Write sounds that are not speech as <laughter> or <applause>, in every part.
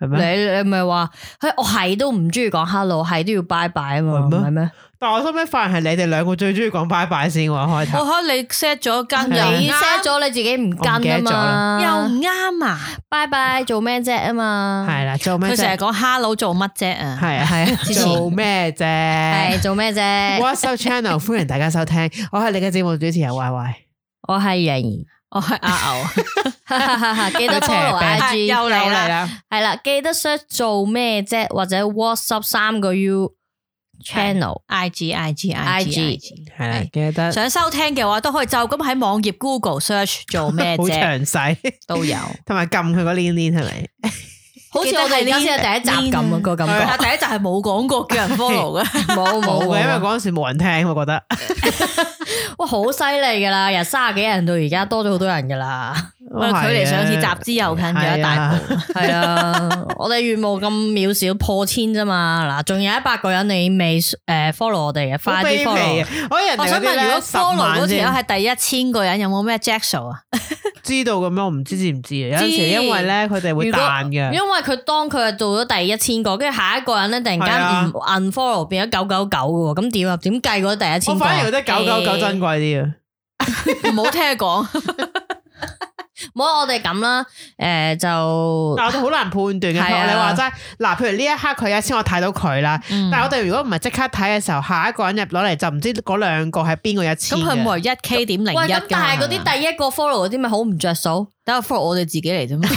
係咩？你你唔係話，我係都唔中意講 hello，係都要拜拜啊嘛，係咩？但我收尾發現係你哋兩個最中意講拜拜先話開頭。我開你 set 咗跟，你 set 咗你自己唔跟啊嘛，又唔啱啊！拜拜做咩啫啊？係啦，做咩？佢成日講 hello 做乜啫啊？係係做咩啫？係做咩啫？Whatsuuup channel？歡迎大家收聽，我係你嘅節目主持人 Y Y，我係楊怡。我係阿牛，記得 follow IG 又嚟啦，係啦，記得 search 做咩啫，或者 WhatsApp 三個 U channel，IG IG IG 係啦，記得想收聽嘅話都可以就咁喺網頁 Google search 做咩啫，好詳細都有，同埋撳佢個 link link 係咪？好似我哋呢次先係第一集咁個感覺， <music> 第一集係冇講過叫人 follow 嘅，冇冇 <laughs> <laughs> <laughs> 因為嗰陣時冇人聽，我覺得， <laughs> <laughs> 哇好犀利噶啦，由三十幾人到而家多咗好多人噶啦。距離上次集資又近咗一大半，係啊！我哋願望咁渺小，破千啫嘛，嗱，仲有一百個人你未誒 follow 我哋嘅，快啲 follow！我想問如果 follow 嗰條友係第一千個人，有冇咩 Jackshow 啊？知道咁咩？我唔知知唔知啊！有陣時因為咧，佢哋會彈嘅。因為佢當佢係到咗第一千個，跟住下一個人咧，突然間唔 unfollow 變咗九九九嘅，咁點啊？點計嗰第一千？我反而覺得九九九珍貴啲啊！唔好聽佢講。冇好，我哋咁啦，誒、呃、就，但我哋好難判斷嘅。你話齋，嗱，譬如呢一刻佢有先我睇到佢啦。嗯、但係我哋如果唔係即刻睇嘅時候，下一個人入攞嚟就唔知嗰兩個係邊個有錢。咁佢冇係一 K 點零一嘅。但係嗰啲第一個 follow 嗰啲咪好唔着數？等我 follow 我哋自己嚟啫嘛。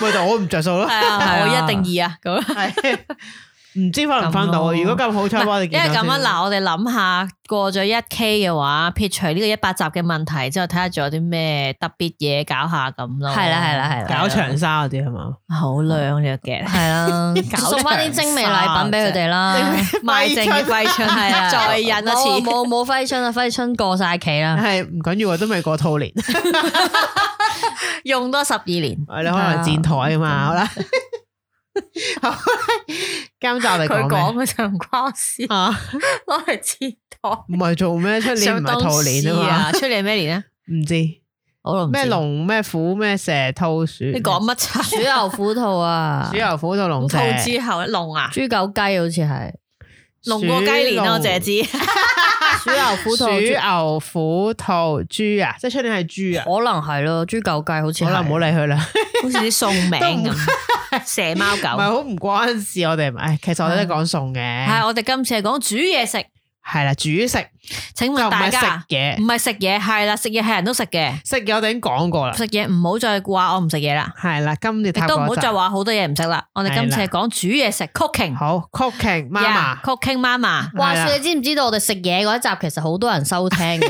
咪就好唔着數咯。我一定二啊咁。 <laughs> <laughs> 唔知翻唔翻到啊！如果咁好彩，因為咁啊，嗱，我哋諗下過咗一 K 嘅話，撇除呢個一百集嘅問題之後，睇下仲有啲咩特別嘢，搞下咁咯。係啦，係啦，係啦。搞長沙嗰啲係嘛？好靚嘅，係啦，送翻啲精美禮品俾佢哋啦，賣剩嘅揮春係啊，再印一次。冇冇冇揮春啊！揮春過晒期啦。係唔緊要，啊，都未過兔年，用多十二年。係你可能戰台啊嘛，好啦。 <laughs> 今日嚟，佢講嘅就唔關事，攞嚟切拖。唔係做咩出年唔係兔年啊嘛？出 <laughs> 年係咩年啊？唔知咩龍咩虎咩蛇兔鼠。你講乜？鼠牛虎兔 <laughs> 啊？鼠牛虎兔龍兔之後嘅龍啊？豬狗雞好似係。龍過雞年咯，我淨係知。鼠 <laughs> <laughs> 牛虎兔豬 <laughs> 牛虎兔豬啊，即係出年係豬啊，可能係咯，豬狗雞好似，可能唔 <laughs> 好理佢啦，好似啲餸名咁，不蛇貓狗，唔係好唔關事，我哋，唔、哎、唉，其實我哋都講餸嘅，係、嗯、我哋今次係講煮嘢食。係啦，煮食。請問大家，唔係食嘢，唔係食嘢，係啦，食嘢係人都食嘅。食嘢我哋已經講過啦。食嘢唔好再話我唔食嘢啦。係啦，今次都唔好再話好多嘢唔食啦。我哋今次係講煮嘢食，cooking。好，cooking mama，cooking mama。話說你知唔知道我哋食嘢嗰一集其實好多人收聽。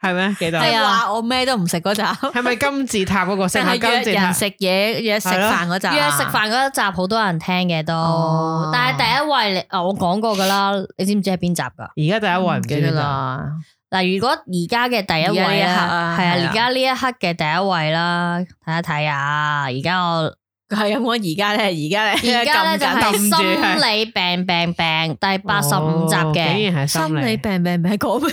係咩？幾多集？係啊！我咩都唔食嗰集，係咪金字塔嗰個？係約人食嘢，約食飯嗰集啊！約食飯嗰集好多人聽嘅都。但係第一位你，我講過噶啦，你知唔知係邊集噶？而家第一位唔記得啦。嗱，如果而家嘅第一位啊，係啊，而家呢一刻嘅第一位啦，睇一睇啊！而家我係啊，我而家咧，而家咧，而家咧就係心理病病病第八十五集嘅，竟然係心理病病病講咩？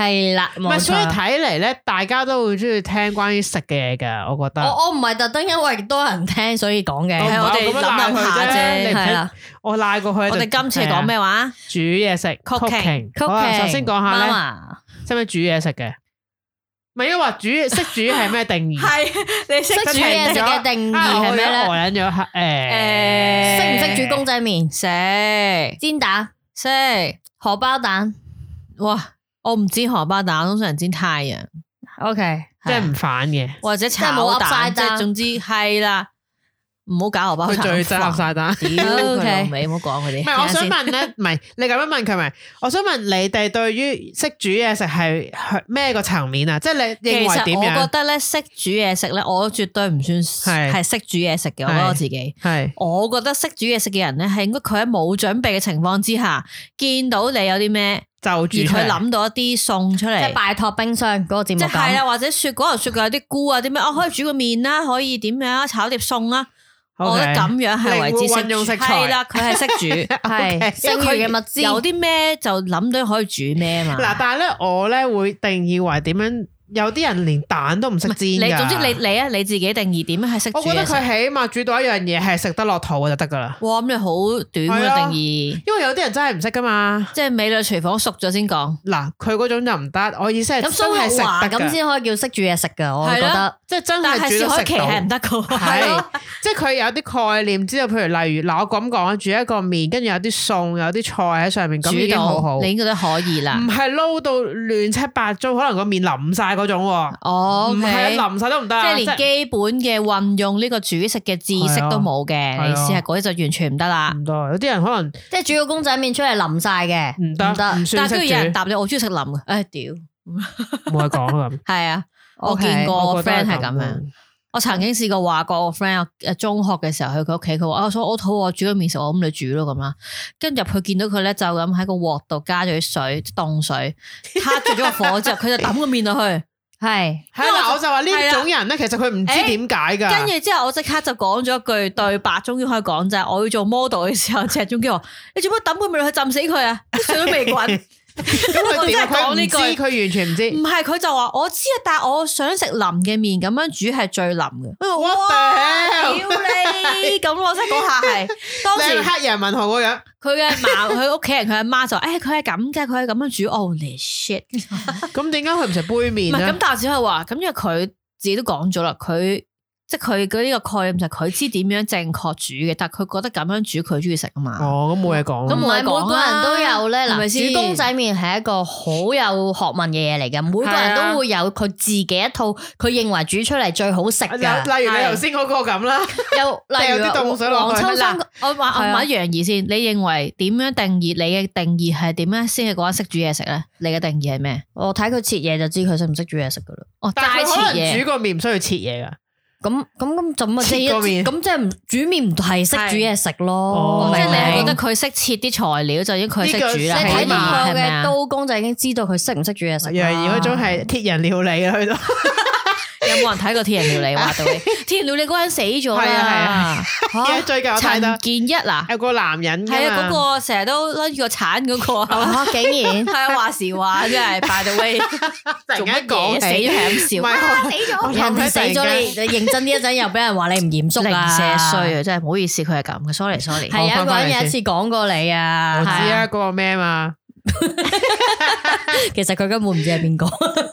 係啦，唔係所以睇嚟咧，大家都會中意聽關於食嘅嘢噶，我覺得。我我唔係特登因為多人聽所以講嘅，係我哋深入下啫。係啦，我拉過去。我哋今次講咩話？煮嘢食，Cooking，Cooking。我首先講下咧，識唔識煮嘢食嘅？唔係一話煮，識煮係咩定義？係你識煮嘢食嘅定義係咩咧？我忍咗，誒，識唔識煮公仔麵？識煎蛋，識荷包蛋，哇！我唔知荷包蛋，通常煎太陽。O K，即係唔反嘅，或者炒蛋，即係總之係啦，唔好搞荷包最追炒晒蛋。屌，O K，唔好講佢哋。我想問咧，唔係你咁樣問佢咪？我想問你哋對於識煮嘢食係咩個層面啊？即係你認為點樣？我覺得咧，識煮嘢食咧，我絕對唔算係識煮嘢食嘅。 <laughs> 我覺得我自己係，我覺得識煮嘢食嘅人咧，係應該佢喺冇準備嘅情況之下，見到你有啲咩。就而佢諗到一啲餸出嚟，即係拜託冰箱嗰個節目樣，即係啦、啊，或者雪果頭雪櫃有啲菇啊，啲、啊、咩？我可以煮個麵啦，可以點樣啊，炒碟餸啊，okay，我覺得咁樣係為之識，係啦，佢係識煮，係佢嘅物資有啲咩就諗到可以煮咩啊嘛，但係咧我咧會定義為點樣？有啲人連蛋都唔識煎㗎。你總之你你啊你自己定義點係識。我覺得佢起碼煮到一樣嘢係食得落肚就得㗎啦。哇！咁你好短嘅定義，因為有啲人真係唔識㗎嘛。即係美女廚房熟咗先講。嗱，佢嗰種就唔得。我意思係真係食，咁先可以叫識煮嘢食㗎。我覺得即係真係煮到食到。但係小海琪係唔得㗎。係，即係佢有啲概念，之後譬如例如嗱，我咁講，煮一個麵，跟住有啲餸，有啲菜喺上面，煮得好好，你覺得可以啦。唔係撈到亂七八糟，可能個麵冧晒。嗰種哦，唔係淋晒都唔得，即係連基本嘅運用呢個煮食嘅知識都冇嘅，你試下嗰啲就完全唔得啦。唔得，有啲人可能即係煮個公仔麪出嚟淋晒嘅，唔得唔得，但係都有人答你，我中意食淋嘅，唉屌，冇得講啦。係啊，我見過 friend 係咁樣，我曾經試過話過我 friend 啊，中學嘅時候去佢屋企，佢話我肚餓我煮個麵食，我咁你煮咯咁啦。跟住入去見到佢咧，就咁喺個鑊度加咗啲水，凍水，擦住咗個火之後，佢就抌個麵落去。係，因為我就話呢種人咧，的其實佢唔知點解噶。跟住之後，我即刻就講咗一句對白，終於可以講就係：我要做 model 嘅時候，陳中基我， <laughs> 你做乜抌佢落去浸死佢啊？啲水都未滾。佢點解唔知？佢完全唔知。唔係佢就話我知啊，但係我想食腍嘅麵，咁樣煮係最腍嘅。哇屌你！咁我真係嗰下係當時黑人問號嗰樣。佢嘅媽，佢屋企人，佢阿媽就誒，佢係咁嘅，佢係咁樣煮。Oh shit！咁點解佢唔食杯麵咧？咁但係只係話，咁因為佢自己都講咗啦，佢。即係佢嗰呢個概念就係佢知點樣正確煮嘅，但係佢覺得咁樣煮佢中意食啊嘛。哦，咁冇嘢講，咁係每個人都有咧。嗱，煮公仔麵係一個好有學問嘅嘢嚟嘅，每個人都會有佢自己一套，佢認為煮出嚟最好食嘅。例如你頭先嗰個咁啦，又例如啲黃秋生，我話我問楊怡先，你認為點樣定義？你嘅定義係點樣先係講得識煮嘢食咧？你嘅定義係咩？我睇佢切嘢就知佢識唔識煮嘢食噶啦。哦，但係可能煮個麵唔需要切嘢噶。咁咁咁咁啊！即係咁，即係煮麵唔係識煮嘢食咯，哦、即係你覺得佢識切啲材料就已經佢識煮啦。睇埋佢嘅刀工就已經知道佢識唔識煮嘢食。而怡嗰種係鐵人料理啦，去到。 <laughs> 有冇人睇過《天人料理》？話到你《天人料理》嗰人死咗啦，最近我睇到陳建一嗱，有個男人係啊，嗰個成日都攞住個鏟嗰個，竟然係啊話時話真係，by the way，仲一講死咗係咁笑？死咗人哋死咗你，認真呢一陣又俾人話你唔嚴肅、零舍衰啊！真係唔好意思，佢係咁嘅，sorry sorry。係啊，講嘢一次講過你啊，我知啊，嗰個咩啊嘛。 <laughs> 其實佢根本唔知係邊個，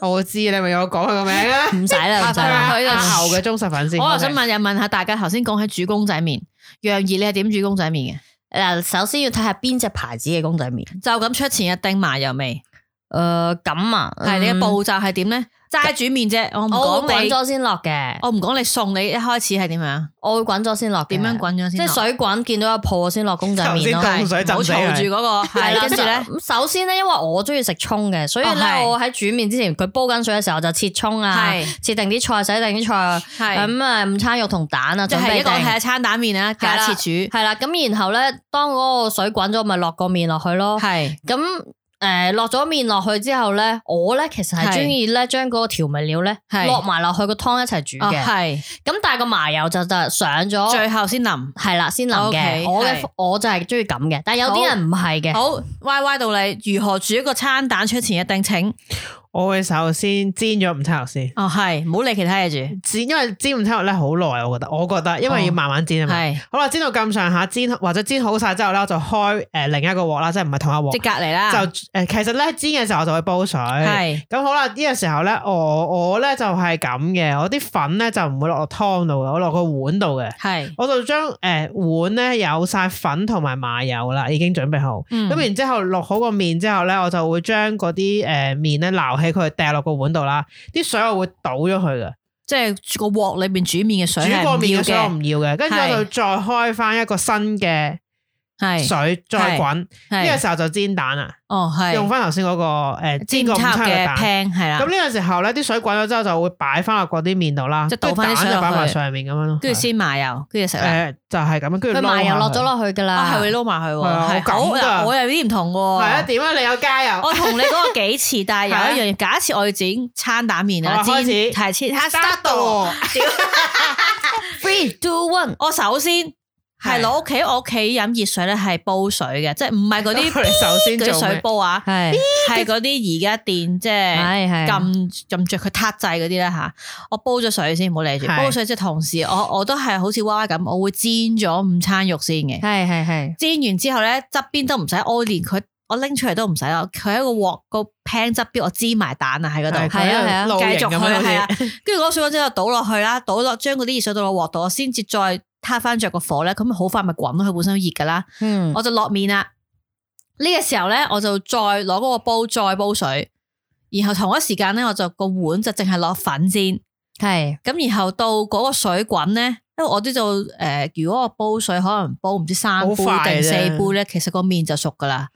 我知你咪有講佢個名 <laughs> 啊，唔使啦，唔使啦，阿頭嘅忠實粉絲。 <laughs> 我又想問一問下大家，頭先講起煮公仔麵，楊怡你係點煮公仔麵嘅？嗱、呃，首先要睇下邊隻牌子嘅公仔麵，就咁出前一丁麻油味。誒咁啊，係你嘅步驟係點咧？齋煮麵啫，我唔講你。滾咗先落嘅，我唔講你送你。一開始係點樣？我會滾咗先落，點樣滾咗先？即係水滾見到有泡先落公仔麵咯，唔好嘈住嗰個。係跟住咧，首先咧，因為我中意食蔥嘅，所以咧我喺煮麵之前，佢煲緊水嘅時候就切蔥啊，切定啲菜，洗定啲菜。係咁啊，午餐肉同蛋啊，即係一個係餐蛋麵啊，加切煮。係啦，咁然後咧，當嗰個水滾咗，咪落個麵落去咯。係咁。誒、呃，落咗麵落去之後咧，我咧其實係中意咧將嗰個調味料咧是落埋落去個湯一齊煮嘅。係咁、哦，但係個麻油就就上咗，最後先淋，係啦，先淋嘅。哦、okay，我嘅的我就係中意咁嘅，但係有啲人唔係嘅。好，Y Y 到你如何煮一個餐蛋出前一丁請。我會首先煎咗午餐肉先。哦，係，唔好理其他嘢住。煎，因為煎午餐肉咧好耐，我覺得。我覺得，因為要慢慢煎啊嘛。係、哦。是好啦，煎到咁上下，煎或者煎好晒之後咧，我就開誒另一個鑊啦，即係唔係同一個鑊即隔離啦。就誒、呃，其實咧煎嘅時候我就會煲水。係是。咁好啦，呢、這個時候咧，我我咧就係咁嘅，我啲粉咧就唔會落湯度嘅，我落個碗度嘅。係。我，是我就將誒、呃、碗咧有晒粉同埋麻油啦，已經準備好。咁、嗯、然之後落好個麵之後咧，我就會將嗰啲誒麵咧撈起。俾佢掉落個碗度啦，啲水我會倒咗佢嘅，即係個鑊裏面煮麵嘅水，煮過麵嘅水我唔要嘅，跟住之後就再開翻一個新嘅。水再滾，呢個時候就煎蛋啦。哦，係用翻頭先嗰個誒煎個午餐嘅蛋，係啦。咁呢個時候咧，啲水滾咗之後就會擺翻落嗰啲麵度啦，即倒翻啲水蛋就擺埋上面咁樣咯。跟住先麻油，跟住食。誒，就係咁樣。跟住麻油落咗落去噶啦，係會撈埋去。係啊，我加我又啲唔同。係啊，點啊？你有加油？我同你嗰個幾次，但係有一樣嘢，假設我要煎餐蛋麵啊，煎，切。吓 start Three, two, one，我首先。係攞屋企，我屋企飲熱水咧，係煲水嘅，即係唔係嗰啲水煲啊？係係嗰啲而家電即係撳撳著佢塔制嗰啲咧嚇。我煲咗水先，唔好理住。煲水即係同時，我我都係好似娃娃咁，我會煎咗午餐肉先嘅。係係係煎完之後咧，側邊都唔使屙連佢，我拎出嚟都唔使咯。佢喺個鑊個柄側邊，我煎埋蛋啊喺嗰度。係啊係啊，繼續去係啊。跟住攞水嗰陣就倒落去啦，倒落將嗰啲熱水倒落鑊度，我先至再。黑翻着個火咧，咁咪好快咪滾咯，佢本身熱噶啦。嗯、我就落麵啦，呢、呢個時候咧，我就再攞嗰個煲再煲水，然後同一時間咧，我就個碗就淨係落粉先，係咁係然後到嗰個水滾咧，因為我啲就誒、呃，如果我煲水可能煲唔知三杯定快四杯咧，其實個麵就熟噶啦，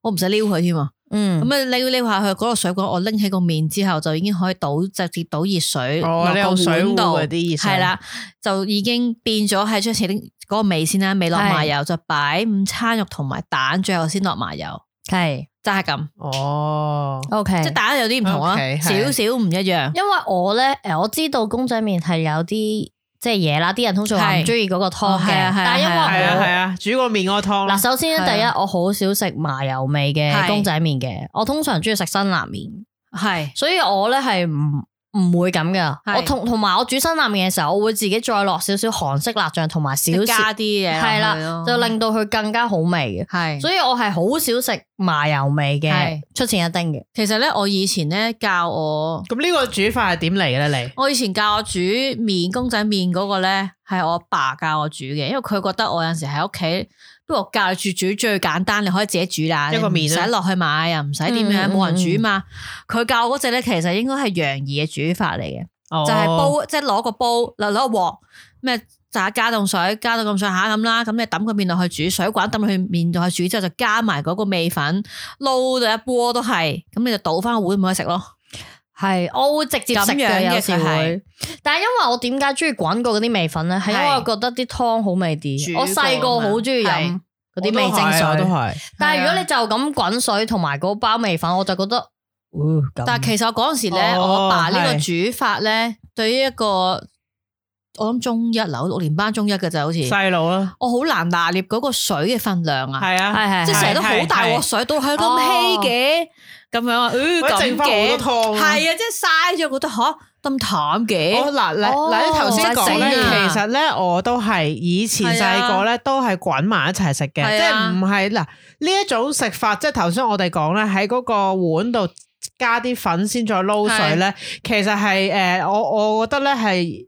我唔使撩佢添。嗯，咁啊，你你話佢嗰個水果，我拎起個麵之後就已經可以倒直接倒熱水、哦、落個碗度，係啦，就已經變咗喺出前嗰個味先啦，未落麻油是就擺午餐肉同埋蛋，最後先落麻油，係真係咁。哦，OK，即係大家有啲唔同啊，okay, 是少少唔一樣。因為我咧，誒，我知道公仔麵係有啲。即係嘢啦，啲人通常唔中意嗰個湯嘅，哦啊啊啊、但係因為係啊係啊，煮過麵個麵嗰個湯。嗱，首先、啊、第一，我好少食麻油味嘅公仔麵嘅，啊、我通常中意食辛辣麵，係、啊，所以我咧係唔。唔會咁噶，是我同同埋我煮辛辣麵嘅時候，我會自己再落少少韓式辣醬同埋少加啲嘢，係啦的，就令到佢更加好味嘅。係是，所以我係好少食麻油味嘅，是出前一丁嘅。其實咧，我以前咧教我咁呢個煮法係點嚟嘅咧？你我以前教我煮麵公仔麵嗰，那個咧，係我阿爸教我煮嘅，因為佢覺得我有陣時喺屋企。不過教住煮最簡單，你可以自己煮啦，個麵唔使落去買，又唔使點樣，冇、嗯嗯嗯、人煮嘛。佢教我嗰隻咧，其實應該係楊怡嘅煮法嚟嘅、哦，就係、是、煲，即係攞個煲，攞攞個鑊，咩就加凍水，加到咁上下咁啦，咁你抌個麵落去煮，水滾抌落去麵度去煮之後，就加埋嗰個味粉，撈到一鍋都係，咁你就倒翻個碗咁去食咯。係，我會直接食嘅，有時會。但係因為我點解中意滾過嗰啲味粉咧，係因為我覺得啲湯好味啲。我細個好中意飲嗰啲味精水。都係。但係如果你就咁滾水同埋嗰包味粉，我就覺得，但係其實我嗰陣時咧，我阿爸呢個煮法咧，對於一個我諗中一，我六年班中一嘅就好似細路啊。我好難拿捏嗰個水嘅份量啊。係啊，係係，即係成日都好大鑊水，都係咁稀嘅。咁樣，誒，剩翻好多湯，係啊，即係嘥咗，覺得吓，咁淡嘅。嗱嗱嗱，你頭先講嘅，其實咧我都係以前細個咧都係滾埋一齊食嘅，的即係唔係嗱呢一種食法，即係頭先我哋講咧，喺嗰個碗度加啲粉先再撈水咧，的其實係誒，我我覺得咧係。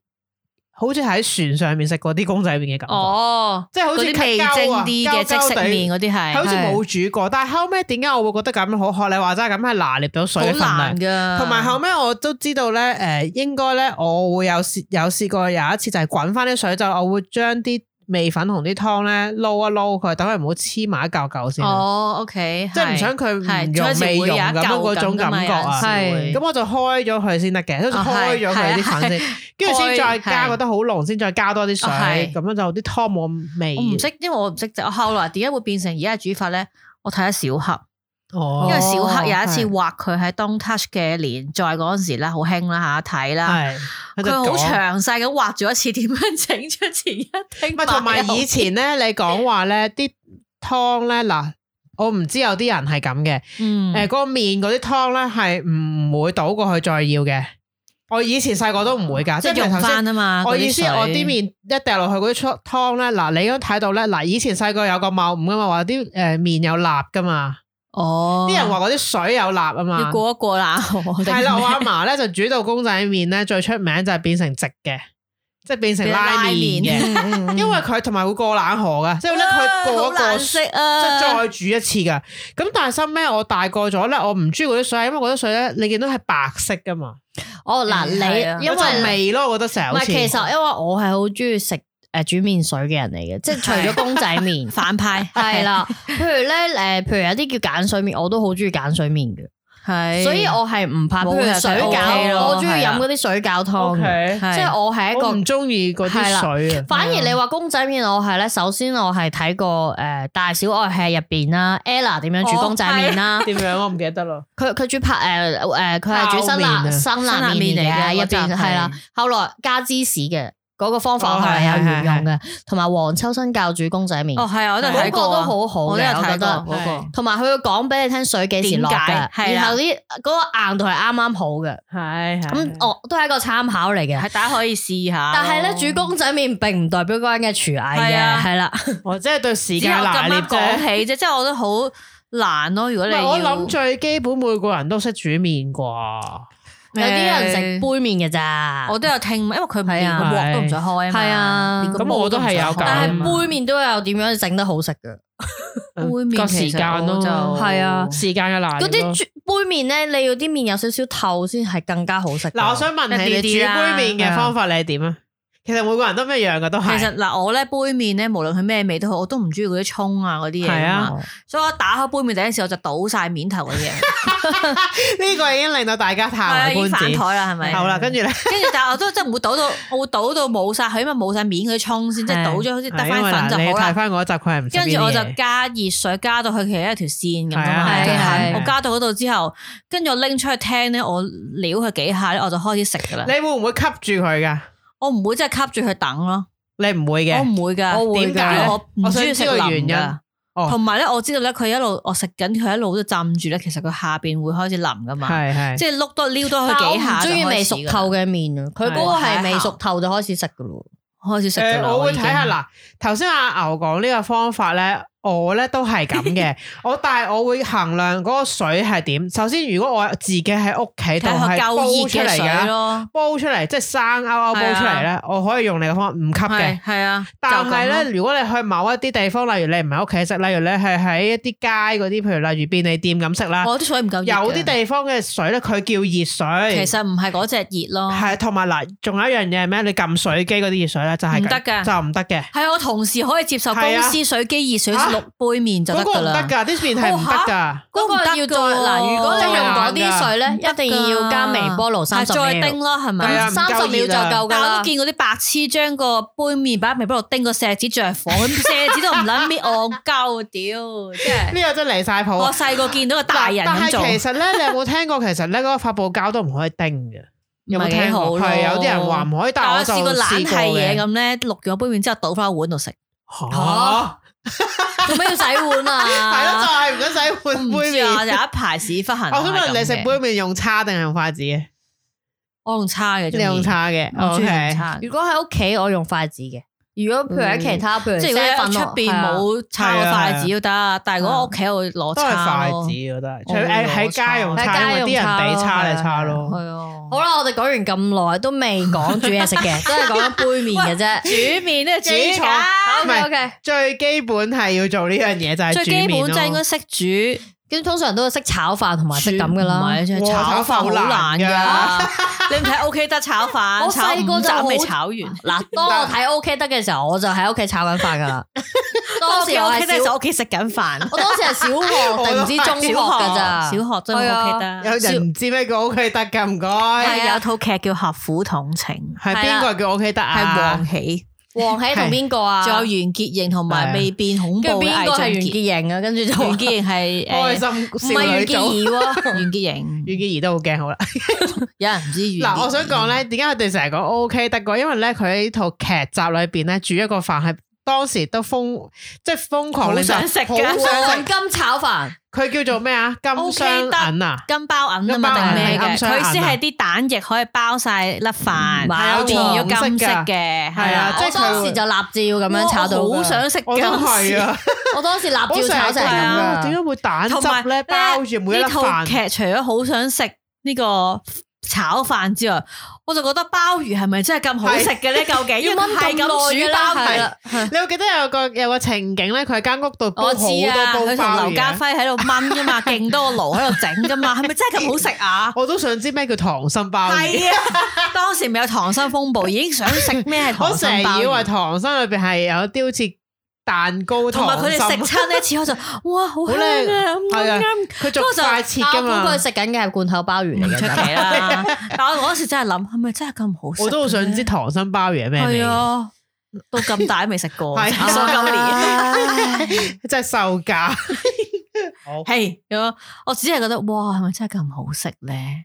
好似喺船上面食過啲公仔麵嘅感覺，哦，即係好似未蒸啲嘅即食麵啲係，好似冇煮過。是的 但係後尾點解我會覺得咁樣好？你話齋咁係拿捏咗水分嘅，同埋後尾我都知道咧，誒，應該咧我會有試有試過有一次就係滾翻啲水就我會將啲味粉同啲湯咧撈一撈佢，等佢唔好黐埋一嚿嚿先。哦，OK，即係唔想佢唔用味是用咁樣嗰種感覺啊。咁我就開咗佢、哦、先得嘅，開咗佢啲粉先，跟住先再加，是覺得好濃先再加多啲水，咁、哦、樣就啲湯冇味。我唔識，因為我唔識啫。我後來點解會變成而家嘅煮法咧？我睇阿小盒。哦、因為小黑有一次畫佢喺《Don't Touch》嘅連載嗰陣時咧，好興啦吓睇啦，佢好詳細咁畫咗一次點樣整出前一丁。唔同埋以前咧，你講話咧啲湯咧嗱，我唔知有啲人係咁嘅，誒、那，個麵嗰啲湯咧係唔會倒過去再要嘅。我以前細個都唔會噶，即係用翻啊嘛。些我意思我啲麵一掉落去嗰啲出湯咧嗱，你都睇到咧嗱、呃，以前細個有個謬誤噶嘛，話啲誒麵有辣噶嘛。哦，啲人話嗰啲水有辣啊嘛，要過一過冷河，係啦，我阿嫲咧就煮到公仔麵咧，最出名就係變成直嘅，即係變成拉麵嘅，因為佢同埋會過冷河噶。啊、即係咧佢過一過，啊啊、即係再煮一次噶。咁但係收尾我大個咗咧，我唔中意嗰啲水，因為嗰啲水咧，你見到係白色噶嘛。哦是，嗱是，你因為味咯，我為覺得成，唔係，其實因為我係好中意食。誒，煮麵水嘅人嚟嘅，即係除咗公仔麵，反派係啦。譬如咧，誒，譬如有啲叫鹼水麵，我都好中意鹼水麵嘅。係，所以我係唔怕。譬如水餃，我中意飲嗰啲水餃湯。即係我係一個唔中意嗰啲水嘅。反而你話公仔麵，我係咧。首先我係睇過誒《大小愛吃》入邊啦，Ella 點樣煮公仔麵啦？點樣我唔記得咯。佢佢煮拍誒誒，佢係煮辛辣辛辣麵嚟嘅，入邊係啦。後來加芝士嘅。嗰個方法係咪有沿用嘅？同埋黃秋生教煮公仔麵哦。係啊，我都睇過，嗰個都好好嘅，我覺得。同埋佢會講俾你聽水幾時落嘅，然後啲嗰個硬度係啱啱好嘅。係咁，我都係一個參考嚟嘅，係大家可以試下。但係咧，煮公仔麵並唔代表嗰人嘅廚藝嘅，係啦。我即係對時間拿捏。講起啫，即係我覺得好難咯。如果你我諗最基本，每個人都識煮麵啩。沒 有啲人食杯麵嘅咋，我都有聽，因為佢唔係連個鑊都唔想開啊嘛。係啊，咁我都係有噶。但係杯麵都有點樣整得好食嘅？ <laughs> 杯麵個時間咯就係啊，時間嘅難。嗰啲杯麵咧，你要啲麵有少少透先係更加好食。嗱，我想問你，你煮杯麵嘅方法你係點啊？其實每個人都咩樣噶，都係。其實嗱，我咧杯麵咧，無論佢咩味都好，我都唔中意嗰啲蔥啊嗰啲嘢。係啊，所以我打開杯麵第一時，我就倒晒麵頭嗰啲嘢。呢個已經令到大家嘆為觀止。係，已反枱啦，係咪？好啦，跟住咧。跟住，但係我都真係唔會倒到，我會倒到冇晒佢，因為冇晒麵嗰啲蔥先，即係倒咗，好似得翻粉就好啦。你睇翻我習慣係？跟住我就加熱水，加到去其實一條線咁啊。我加到嗰度之後，跟住我拎出去聽咧，我撩佢幾下咧，我就開始食噶啦。你會唔會吸住佢噶？我唔會即係吸住佢等咯，你唔會嘅，我唔會嘅。點解咧？我想知道原因。哦，同埋咧，我知道咧，佢一路我食緊，佢一路都浸住咧。其實佢下邊會開始淋噶嘛，係係，即係碌多撩多佢幾下。我唔中意未熟透嘅麵，佢嗰個係未熟透就開始食噶咯，的開始食。誒的，我，我會睇下嗱，頭先阿牛講呢個方法咧。我咧都係咁嘅，我但係我會衡量嗰個水係點。首先，如果我自己喺屋企度係煲出嚟嘅，煲出嚟即係生勾勾煲出嚟咧，我可以用你嘅方法唔吸嘅。係啊，但係咧，如果你去某一啲地方，例如你唔喺屋企食，例如你係喺一啲街嗰啲，譬如例如便利店咁食啦。我啲水唔夠熱。有啲地方嘅水咧，佢叫熱水。其實唔係嗰隻熱咯。係啊，同埋嗱，仲有一樣嘢係咩？你撳水機嗰啲熱水咧，就係唔得嘅，就唔得嘅。係我同時可以接受公司水機熱水。杯麵就得噶啦，啲麵係唔得噶。嗰個要再嗱，如果你用嗰啲水咧，一定要加微波爐三十秒再叮咯，係咪？三十秒就夠噶。我都見過啲白痴將個杯麵擺喺微波爐叮個錫紙着火，咁錫紙都唔撚，搣我鳩屌。呢個真嚟晒譜。我細個見到個大人做。但係其實咧，你有冇聽過？其實咧，嗰個發泡膠都唔可以叮嘅。有冇聽過？係有啲人話唔可以。但我試過懶係嘢咁咧，渌完個杯麵之後倒翻喺碗度食。吓！做咩 <laughs> 要洗碗啊？係咯， <laughs> 就係唔想洗碗。杯麵就一排屎忽痕。我想問你食杯麵用叉定係用筷子嘅？我用叉嘅，你用叉嘅。Okay. 叉如果喺屋企，我用筷子嘅。如果譬如喺其他，譬如即係喺出邊冇叉，筷子都得，但係我屋企我攞叉。都係筷子都得，除喺喺家用叉，有啲人俾叉就叉咯。係啊，好啦，我哋講完咁耐都未講煮嘢食嘅，都係講杯麵嘅啫。煮麵咧，煮菜。O K O K，最基本係要做呢樣嘢就係煮麵。最基本就應該識煮。咁通常都識炒飯同埋識咁噶啦，唔係，真係炒飯好難噶。你唔睇 O K 得炒飯？我細個就未炒完。嗱，當我睇 O K 得嘅時候，我就喺屋企炒緊飯噶啦。當時我 O K 得就屋企食緊飯。我當時係小學定唔知中學噶咋？小學真係 O K 得。有人唔知咩叫 O K 得噶？唔該。係有套劇叫《合府同情》，係邊個叫 O K 得啊？係王喜。王喜同邊個啊？仲有袁潔瑩同埋未變恐怖嘅邊個係袁潔瑩啊？跟住就袁潔瑩係開心少女袁女走，啊， <laughs> 袁潔潔瑩 <laughs> <laughs> 袁潔儀都好驚，好啦，有人唔知袁潔。嗱，我想講咧，點解我哋成日講 OK 得過？因為咧，佢喺套劇集裏邊咧煮一個飯係。當時都瘋，即係瘋狂想食嘅黃金炒飯，佢叫做咩啊？金鑲銀啊，金包銀啊嘛，定咩？佢先係啲蛋液可以包晒粒飯，係有填咗金色嘅。係啊，我當時就立照咁樣炒到，好想食嘅。係啊，我當時立照炒成咁啊。點解會蛋汁同埋咧包住每一粒飯？劇除咗好想食呢個炒飯之外，我就覺得鮑魚係咪真係咁好食嘅咧？究竟要燜咁耐嘅係啦，嗯嗯、的你會記得有個有個情景咧，佢喺間屋度都好多鮑、啊、魚，佢同劉家輝喺度燜噶嘛，勁多個爐喺度整噶嘛，係咪真係咁好食啊？ <laughs> 我都想知咩叫溏心鮑魚。係啊，當時咪有溏心風暴，已經想食咩？ <laughs> 我成日以為溏心裏邊係有啲好似。蛋糕同埋佢哋食餐一次我就哇好靚啊，啱啱佢仲快切噶嘛。應該佢食緊嘅係罐頭鮑魚嚟嘅啦。但係我嗰時真係諗，係咪真係咁好食？我都好想知溏心鮑魚係咩味啊！到咁大都未食過，係上年真係售價。係咁，我只係覺得哇，係咪真係咁好食咧？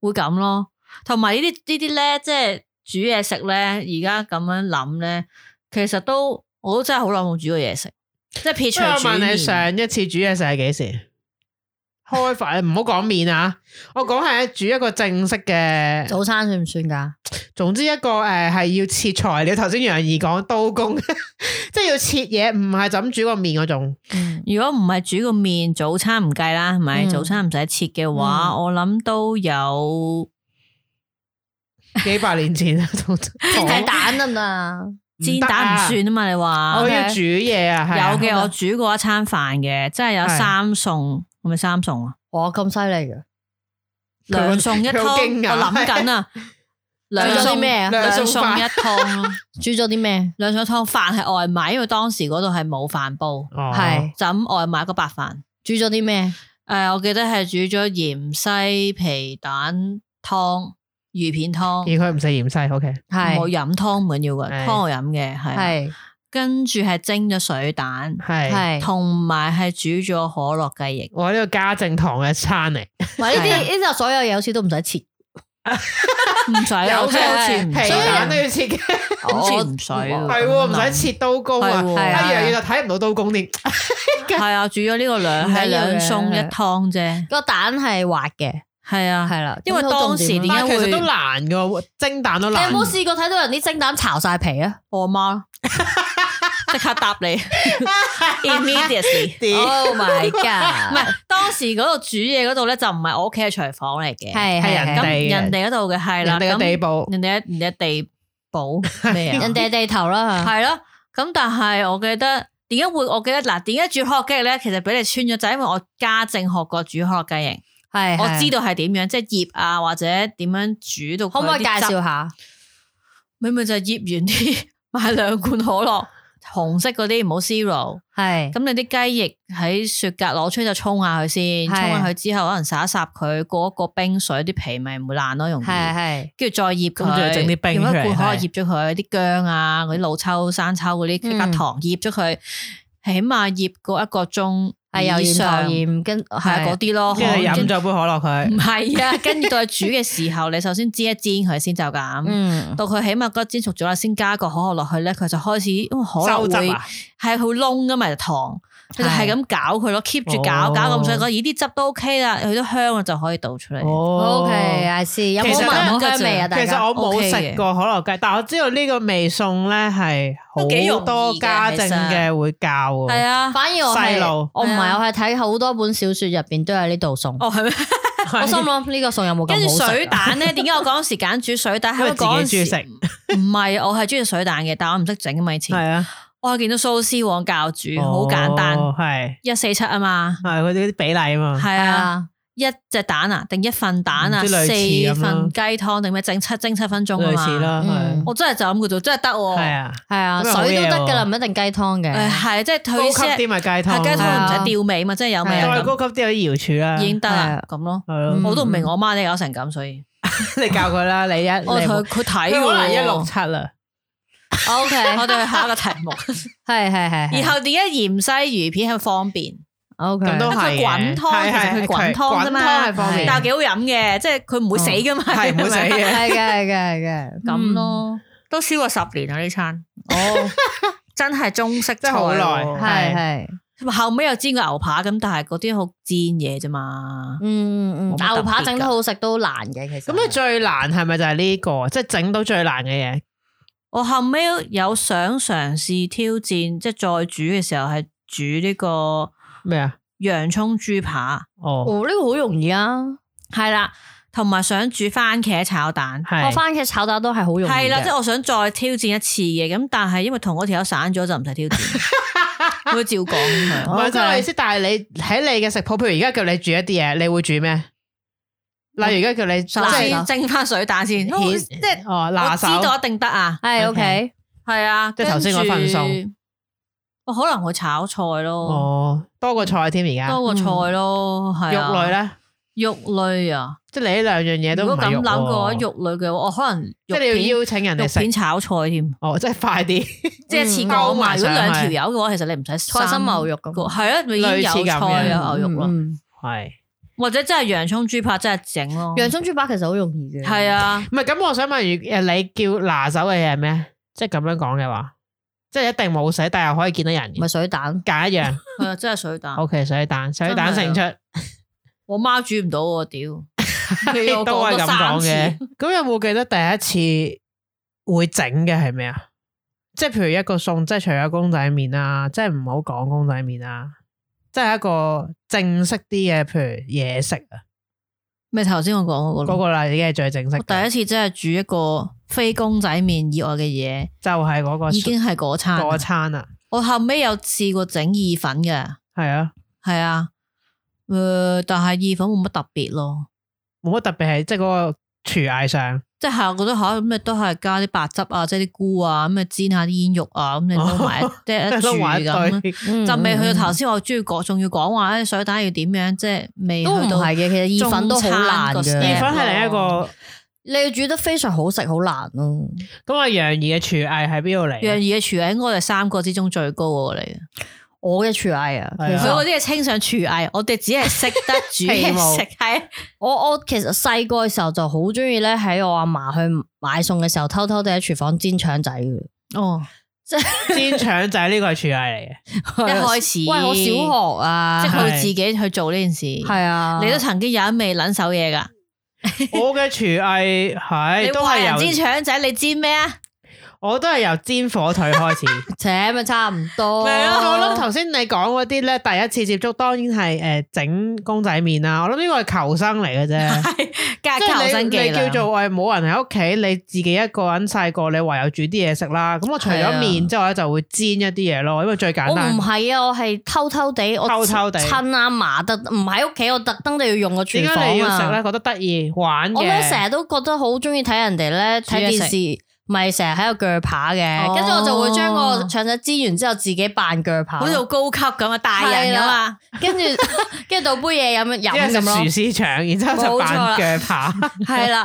會咁咯。同埋呢啲呢啲咧，即係煮嘢食咧。而家咁樣諗咧，其實都。我都真係好耐冇煮過嘢食，即係撇除、欸。我問你上一次煮嘢食係幾時？開飯唔好講麵啊，我講係煮一個正式嘅早餐算唔算噶？總之一個誒係、呃、要切材料，頭先楊怡講刀工， <laughs> 即係要切嘢，唔係就咁煮個麵嗰種、嗯。如果唔係煮個麵，早餐唔計啦，係咪？嗯、早餐唔使切嘅話，嗯、我諗都有、嗯、幾百年前啦，淨係 <laughs> 蛋啊嘛～煎蛋唔算啊嘛，你話？我要煮嘢啊，有嘅，我煮過一餐飯嘅，即係有三餸，係咪三餸啊？哇咁犀利嘅，兩餸一湯，我諗緊啊，兩餸咩啊？兩餸一湯，煮咗啲咩？兩餸一湯，飯係外賣，因為當時嗰度係冇飯煲，係就咁外賣個白飯，煮咗啲咩？誒，我記得係煮咗芫茜皮蛋湯。魚片湯，而佢唔食鹽晒，OK，係我飲湯唔緊要嘅，湯我飲嘅，係跟住係蒸咗水蛋，係同埋係煮咗可樂雞翼，我呢個家政堂嘅餐嚟。哇！呢啲呢就所有嘢，好似都唔使切，唔使啊，好似皮蛋都要切嘅。完全唔使，係唔使切刀工啊，一樣嘢，就睇唔到刀工添，係啊，煮咗呢個兩係兩餸一湯啫，個蛋係滑嘅。係啊，係啦，因為當時點解其實都難噶蒸蛋都難。你有冇試過睇到人啲蒸蛋巢晒皮啊？我阿媽即刻答你，immediately！Oh my god！唔係當時嗰度煮嘢嗰度咧，就唔係我屋企嘅廚房嚟嘅，係係人哋人哋嗰度嘅，係啦。人哋地步，人哋人哋地步咩人哋地頭啦，係咯。咁但係我記得點解會？我記得嗱，點解煮可樂雞翼咧？其實俾你穿咗，就因為我家政學過煮可樂雞翼型。係是我知道係點樣，即係腌啊或者點樣煮到。可唔可以介紹下？咪咪就腌完啲，買兩罐可樂，紅色嗰啲唔好 zero。係咁你啲雞翼喺雪格攞出就沖下佢先，沖下佢是是 之後可能撒一撒佢，過一個冰水，啲皮咪唔會爛咯，容易。係跟住再腌佢，整啲冰。兩罐可樂腌咗佢，啲薑是是 啊、嗰啲老抽、生抽嗰啲加糖腌咗佢，起碼腌過一個鐘。係又鹽糖鹽，鹽鹽跟係嗰啲咯。跟住飲咗杯可樂佢，唔係啊。跟住到煮嘅時候，你首先煎一煎佢先就咁。嗯，到佢起碼煎熟咗啦，先加個可樂落去咧，佢就開始，因為可樂會係好燶㗎嘛，就糖。佢就係咁搞佢咯，keep 住搞，搞咁上下，咦啲汁都 OK 啦，佢都香啊，就可以倒出嚟。OK，I see，有冇可樂雞味啊？其實我冇食過可樂雞，但我知道呢個味餸咧係好多家政嘅會教。係啊，反而我細路，我唔係我係睇好多本小說入邊都有呢道餸。我心諗呢個餸有冇跟住水蛋咧？點解我嗰時揀煮水蛋喺度？自住食唔係，我係中意水蛋嘅，但我唔識整啊嘛以前。係啊。我見到蘇斯王教煮，好簡單，係一四七啊嘛，係佢啲比例啊嘛，係啊，一隻蛋啊，定一份蛋啊，四份雞湯定咩整七蒸七分鐘類似咯，我真係就咁佢做，真係得，係啊係啊，水都得噶啦，唔一定雞湯嘅，係即係高級啲咪雞湯，但係雞湯唔使吊尾嘛，即係有味，再高級啲有啲瑤柱啦，已經得啦，咁咯，我都唔明我媽點解成咁，所以你教佢啦，你一，我佢睇佢可能一六七啦。O K，我哋去下一個題目，係係係，然後點解芫茜魚片係方便？O K，咁都係滾湯，係係滾湯，滾湯係方便，但係幾好飲嘅，即係佢唔會死噶嘛，係唔會死嘅，係嘅係嘅係嘅，咁咯，都燒過十年啦呢餐，哦，真係中式，即係好耐，係係，後尾又煎個牛扒咁，但係嗰啲好煎嘢啫嘛，嗯嗯，牛扒整得好食都難嘅其實，咁你最難係咪就係呢個，即係整到最難嘅嘢？我後尾有想嘗試挑戰，即係再煮嘅時候係煮呢個咩啊洋蔥豬扒哦，呢、哦、個好容易啊，係啦，同埋想煮番茄炒蛋，個、哦、番茄炒蛋都係好容易，係啦，即係我想再挑戰一次嘅，咁但係因為同嗰條友散咗就唔使挑戰。我照講，唔係即係我意思，但係你喺你嘅食譜，譬如而家叫你煮一啲嘢，你會煮咩？例如而家叫你即係蒸翻水蛋先，即係哦，我知道一定得啊。哎，O K，係啊，即係頭先我份餸，我可能會炒菜咯。哦，多過菜添而家，多過菜咯。係肉類咧，肉類啊，即係你呢兩樣嘢都唔係肉。如果咁諗嘅話，肉類嘅我可能即係要邀請人哋食片炒菜添。哦，即係快啲，即係似個賣。如果兩條友嘅話，其實你唔使菜心牛肉咁個，係啊，已經有菜啊牛肉咯，係。或者真係洋蔥豬扒真係整咯，洋蔥豬扒其實好容易嘅。係是啊，唔係咁，我想問，誒，你叫拿手嘅嘢係咩？即係咁樣講嘅話，即係一定冇水，但係又可以見到人。唔係水蛋，揀一樣。係啊， <laughs> 真係水蛋。O、okay, K，水蛋，水蛋勝出。我媽煮唔到我，我屌。 <laughs> 都係咁講嘅。咁有冇記得第一次會整嘅係咩啊？即係譬如一個餸，即係除咗公仔麵啊，即係唔好講公仔麵啊。即係一個正式啲嘅，譬如嘢食啊，咪頭先我講嗰、嗰個嗰個啦，已經係最正式。第一次真係煮一個非公仔麵以外嘅嘢，就係、係、嗰個已經係嗰餐嗰餐啦。我後尾有試過整意粉嘅，係啊係啊，誒，但係意粉冇乜特別咯，冇乜特別係即係嗰個廚藝上。即係我覺得吓咁，你、嗯、都係加啲白汁啊，即係啲菇啊，咁、嗯、啊煎一下啲煙肉啊，咁你都埋即碟一煮咁。樣 <laughs> 就未去到頭先，嗯、我中意講，仲要講話啲水蛋要點樣，即係未去到。係嘅不。其實意粉都好難嘅，難意粉係另一個、哦、你要煮得非常好食，好難咯。咁啊，楊怡嘅廚藝喺邊度嚟？楊怡嘅廚藝應該係三個之中最高個嚟嘅。我嘅廚藝啊，佢嗰啲係稱上廚藝，我哋只係識得煮食。係我我其實細個嘅時候就好中意咧，喺我阿嫲去買餸嘅時候，偷偷哋喺廚房煎腸仔哦，即係 <laughs> 煎腸仔呢個係廚藝嚟嘅。 <laughs> 一開始 <laughs> 喂，我小學啊，即係 <laughs> 是自己去做呢件事。係啊，你都曾經有一味撚手嘢噶。 <laughs> 我嘅廚藝係都係人煎腸仔，你煎咩啊？我都係由煎火腿開始，請咪差唔不多。係啊，我諗頭先你講嗰啲咧，第一次接觸，當然係誒整公仔麵啦。我諗呢個係求生嚟嘅啫，即係 <laughs> 求生計啦。叫做誒冇人喺屋企，你自己一個人細個，你唯有煮啲嘢食啦。咁我除咗麵之外咧，就會煎一啲嘢咯。因為最簡單，唔係啊，我係偷偷地，偷偷地趁阿嫲，特唔喺屋企，我特登都要用個廚房啊，覺得得意玩。我咧成日都覺得好中意睇人哋咧睇電視。咪成日喺度鋸扒嘅，跟住、哦、我就會將個腸仔煎完之後自己扮鋸扒，好似好高級咁啊，大人咁啊。跟住跟住倒杯嘢飲飲咁咯。廚師腸，然之後就扮鋸扒，係啦。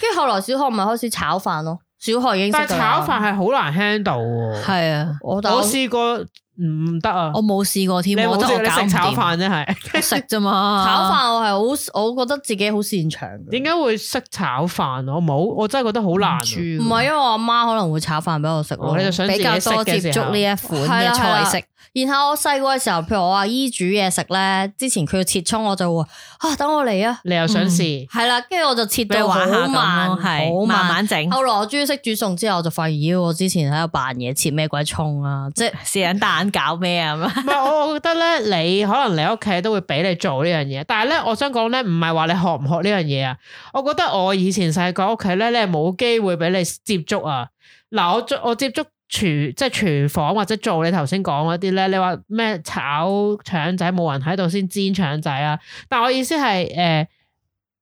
跟住 <laughs> <laughs> 後，後來小學咪開始炒飯咯，小學已經食炒飯係好難 handle 喎。係啊，我我試過。唔得啊！我冇試過添，我覺得我食炒飯真係識咋嘛？炒飯我係好，我覺得自己好擅長。點解會識炒飯？我冇，我真係覺得好難。唔係因為我阿媽可能會炒飯俾我食咯，你就想比較多接觸呢一款菜式。然後我細個嘅時候，譬如我阿姨煮嘢食咧，之前佢要切葱，我就會啊，等我嚟啊！你又想試？係啦，跟住我就切到好慢，好慢慢整。後來我終於識煮餸之後，我就發現咦，我之前喺度扮嘢切咩鬼葱啊？即係食蛋。搞咩啊？唔 <laughs> 係，我我覺得咧，你可能你屋企都會俾你做呢樣嘢。但係咧，我想講咧，唔係話你學唔學呢樣嘢啊？我覺得我以前細個屋企咧，你係冇機會俾你接觸啊。嗱、啊，我我接觸廚，即係廚房或者做你頭先講嗰啲咧，你話咩炒腸仔冇人喺度先煎腸仔啊？但係我意思係，誒、呃，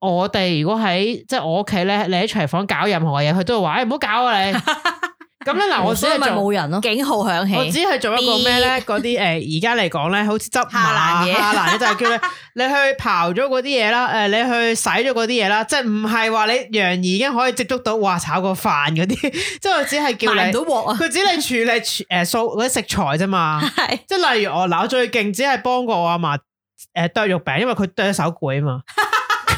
我哋如果喺即係我屋企咧，你喺廚房搞任何嘢，佢都會話：誒、欸，唔好搞啊！你。 <laughs> 咁咧嗱，嗯、我所以咪冇人咯、啊，警號響起。我只係做一個咩咧？嗰啲誒而家嚟講咧，好似執爛嘢嗱，就係叫咧你， <laughs> 你去刨咗嗰啲嘢啦，誒你去洗咗嗰啲嘢啦，即係唔係話你楊怡已經可以接觸到哇炒個飯嗰啲，即係只係叫你。到鑊啊！佢只係處理誒掃嗰啲食材啫嘛，即係 <laughs> 例如我鬧最勁，只係幫過我阿嫲誒剁肉餅，因為佢剁手攰啊嘛。 <laughs>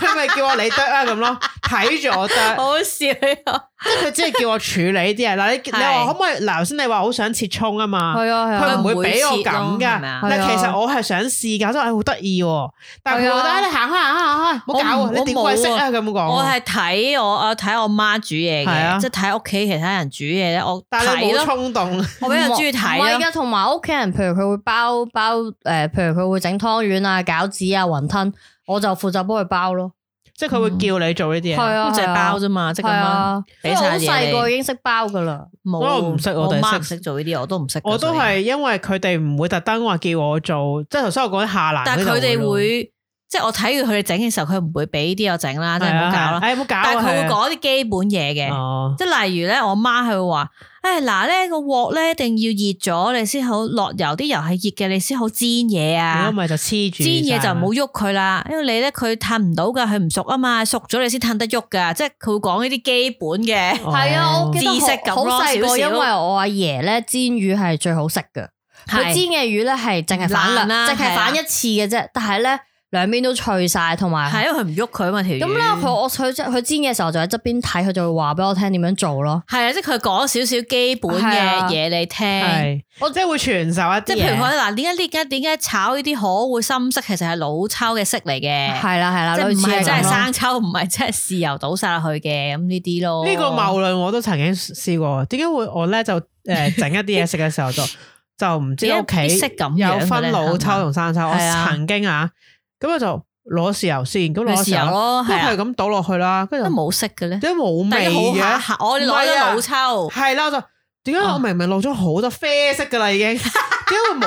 佢咪叫我你剁啊咁咯，睇住我剁，好笑。即係佢只係叫我處理啲嘢。嗱，你你可唔可以？嗱，頭先你話好想切蔥啊嘛，係啊，佢唔會俾我咁噶。但係其實我係想試噶，真係好得意。但係我話你行開，行開，行開，唔好搞。你點會識啊？咁講，我係睇我啊睇我媽煮嘢嘅，即係睇屋企其他人煮嘢咧。我得好衝動。我比較中意睇。我而家同埋屋企人，譬如佢會包包誒，譬如佢會整湯圓啊、餃子啊、雲吞。我就負責幫佢包咯，即係佢會叫你做呢啲嘢，即係、嗯啊啊啊、包啫嘛，即係俾晒嘢。我好細個已經識包噶啦，所以我唔識我哋媽唔識做呢啲，我都唔識。我都係因為佢哋唔會特登話叫我做，即係頭先我講下欄，但係佢哋會。即係我睇住佢哋整嘅時候，佢唔會俾啲我整啦，即係唔好搞啦。係唔好搞。但係佢會講啲基本嘢嘅，即係例如咧，我媽佢會話，誒嗱咧個鑊咧一定要熱咗，你先好落油，啲油係熱嘅，你先好煎嘢啊。如果唔係就黐住，煎嘢就唔好喐佢啦，因為你咧佢褪唔到噶，佢唔熟啊嘛，熟咗你先褪得喐噶。即係佢會講呢啲基本嘅，係啊知識咁咯。因為我阿爺咧煎魚係最好食噶，佢煎嘅魚咧係淨係反啦，淨係反一次嘅啫，但係咧。兩邊都脆晒，同埋係因為佢唔喐佢啊嘛，條魚。咁咧、嗯，我我佢煎嘅時候就喺側邊睇，佢就會話俾我聽點樣做咯。係啊，即係佢講少少基本嘅嘢，你聽，我即係會傳授一啲嘢，即係譬如佢嗱，點解呢家點解炒呢啲河會深色？其實係老抽嘅色嚟嘅。係啦係啦，唔係、嗯、的真係生抽，唔係樣真係豉油倒晒落去嘅，咁呢啲咯。呢個謬論我都曾經試過。點解會我咧就誒整、呃、一啲嘢食嘅時候就 <laughs> 就唔知屋企有分老抽同生抽。 <laughs> 我曾經啊。 <laughs> 咁我就攞豉油先，咁攞豉油咯，都係咁倒落去啦。都冇色嘅咧，點解冇味嘅？我攞、哦、老抽，係啦、啊抽啊、就點解、哦、我明明落咗好多啡色噶啦已經？點解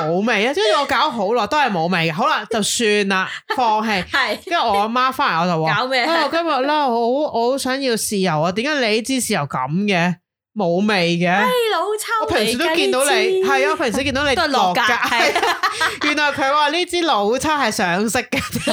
會冇味啊？ <laughs> 因為我搞好耐都係冇味嘅，好啦就算啦，放棄。係 <laughs> 是，跟住我阿媽翻嚟我就話， <laughs> 搞咩什麼、 <laughs> 啊？今日啦，我好我好想要豉油啊！點解你支豉油咁嘅？冇味嘅，老抽。我平時都見到你，係啊，我平時見到你個落架，原來佢話呢支老抽係上色嘅。屌，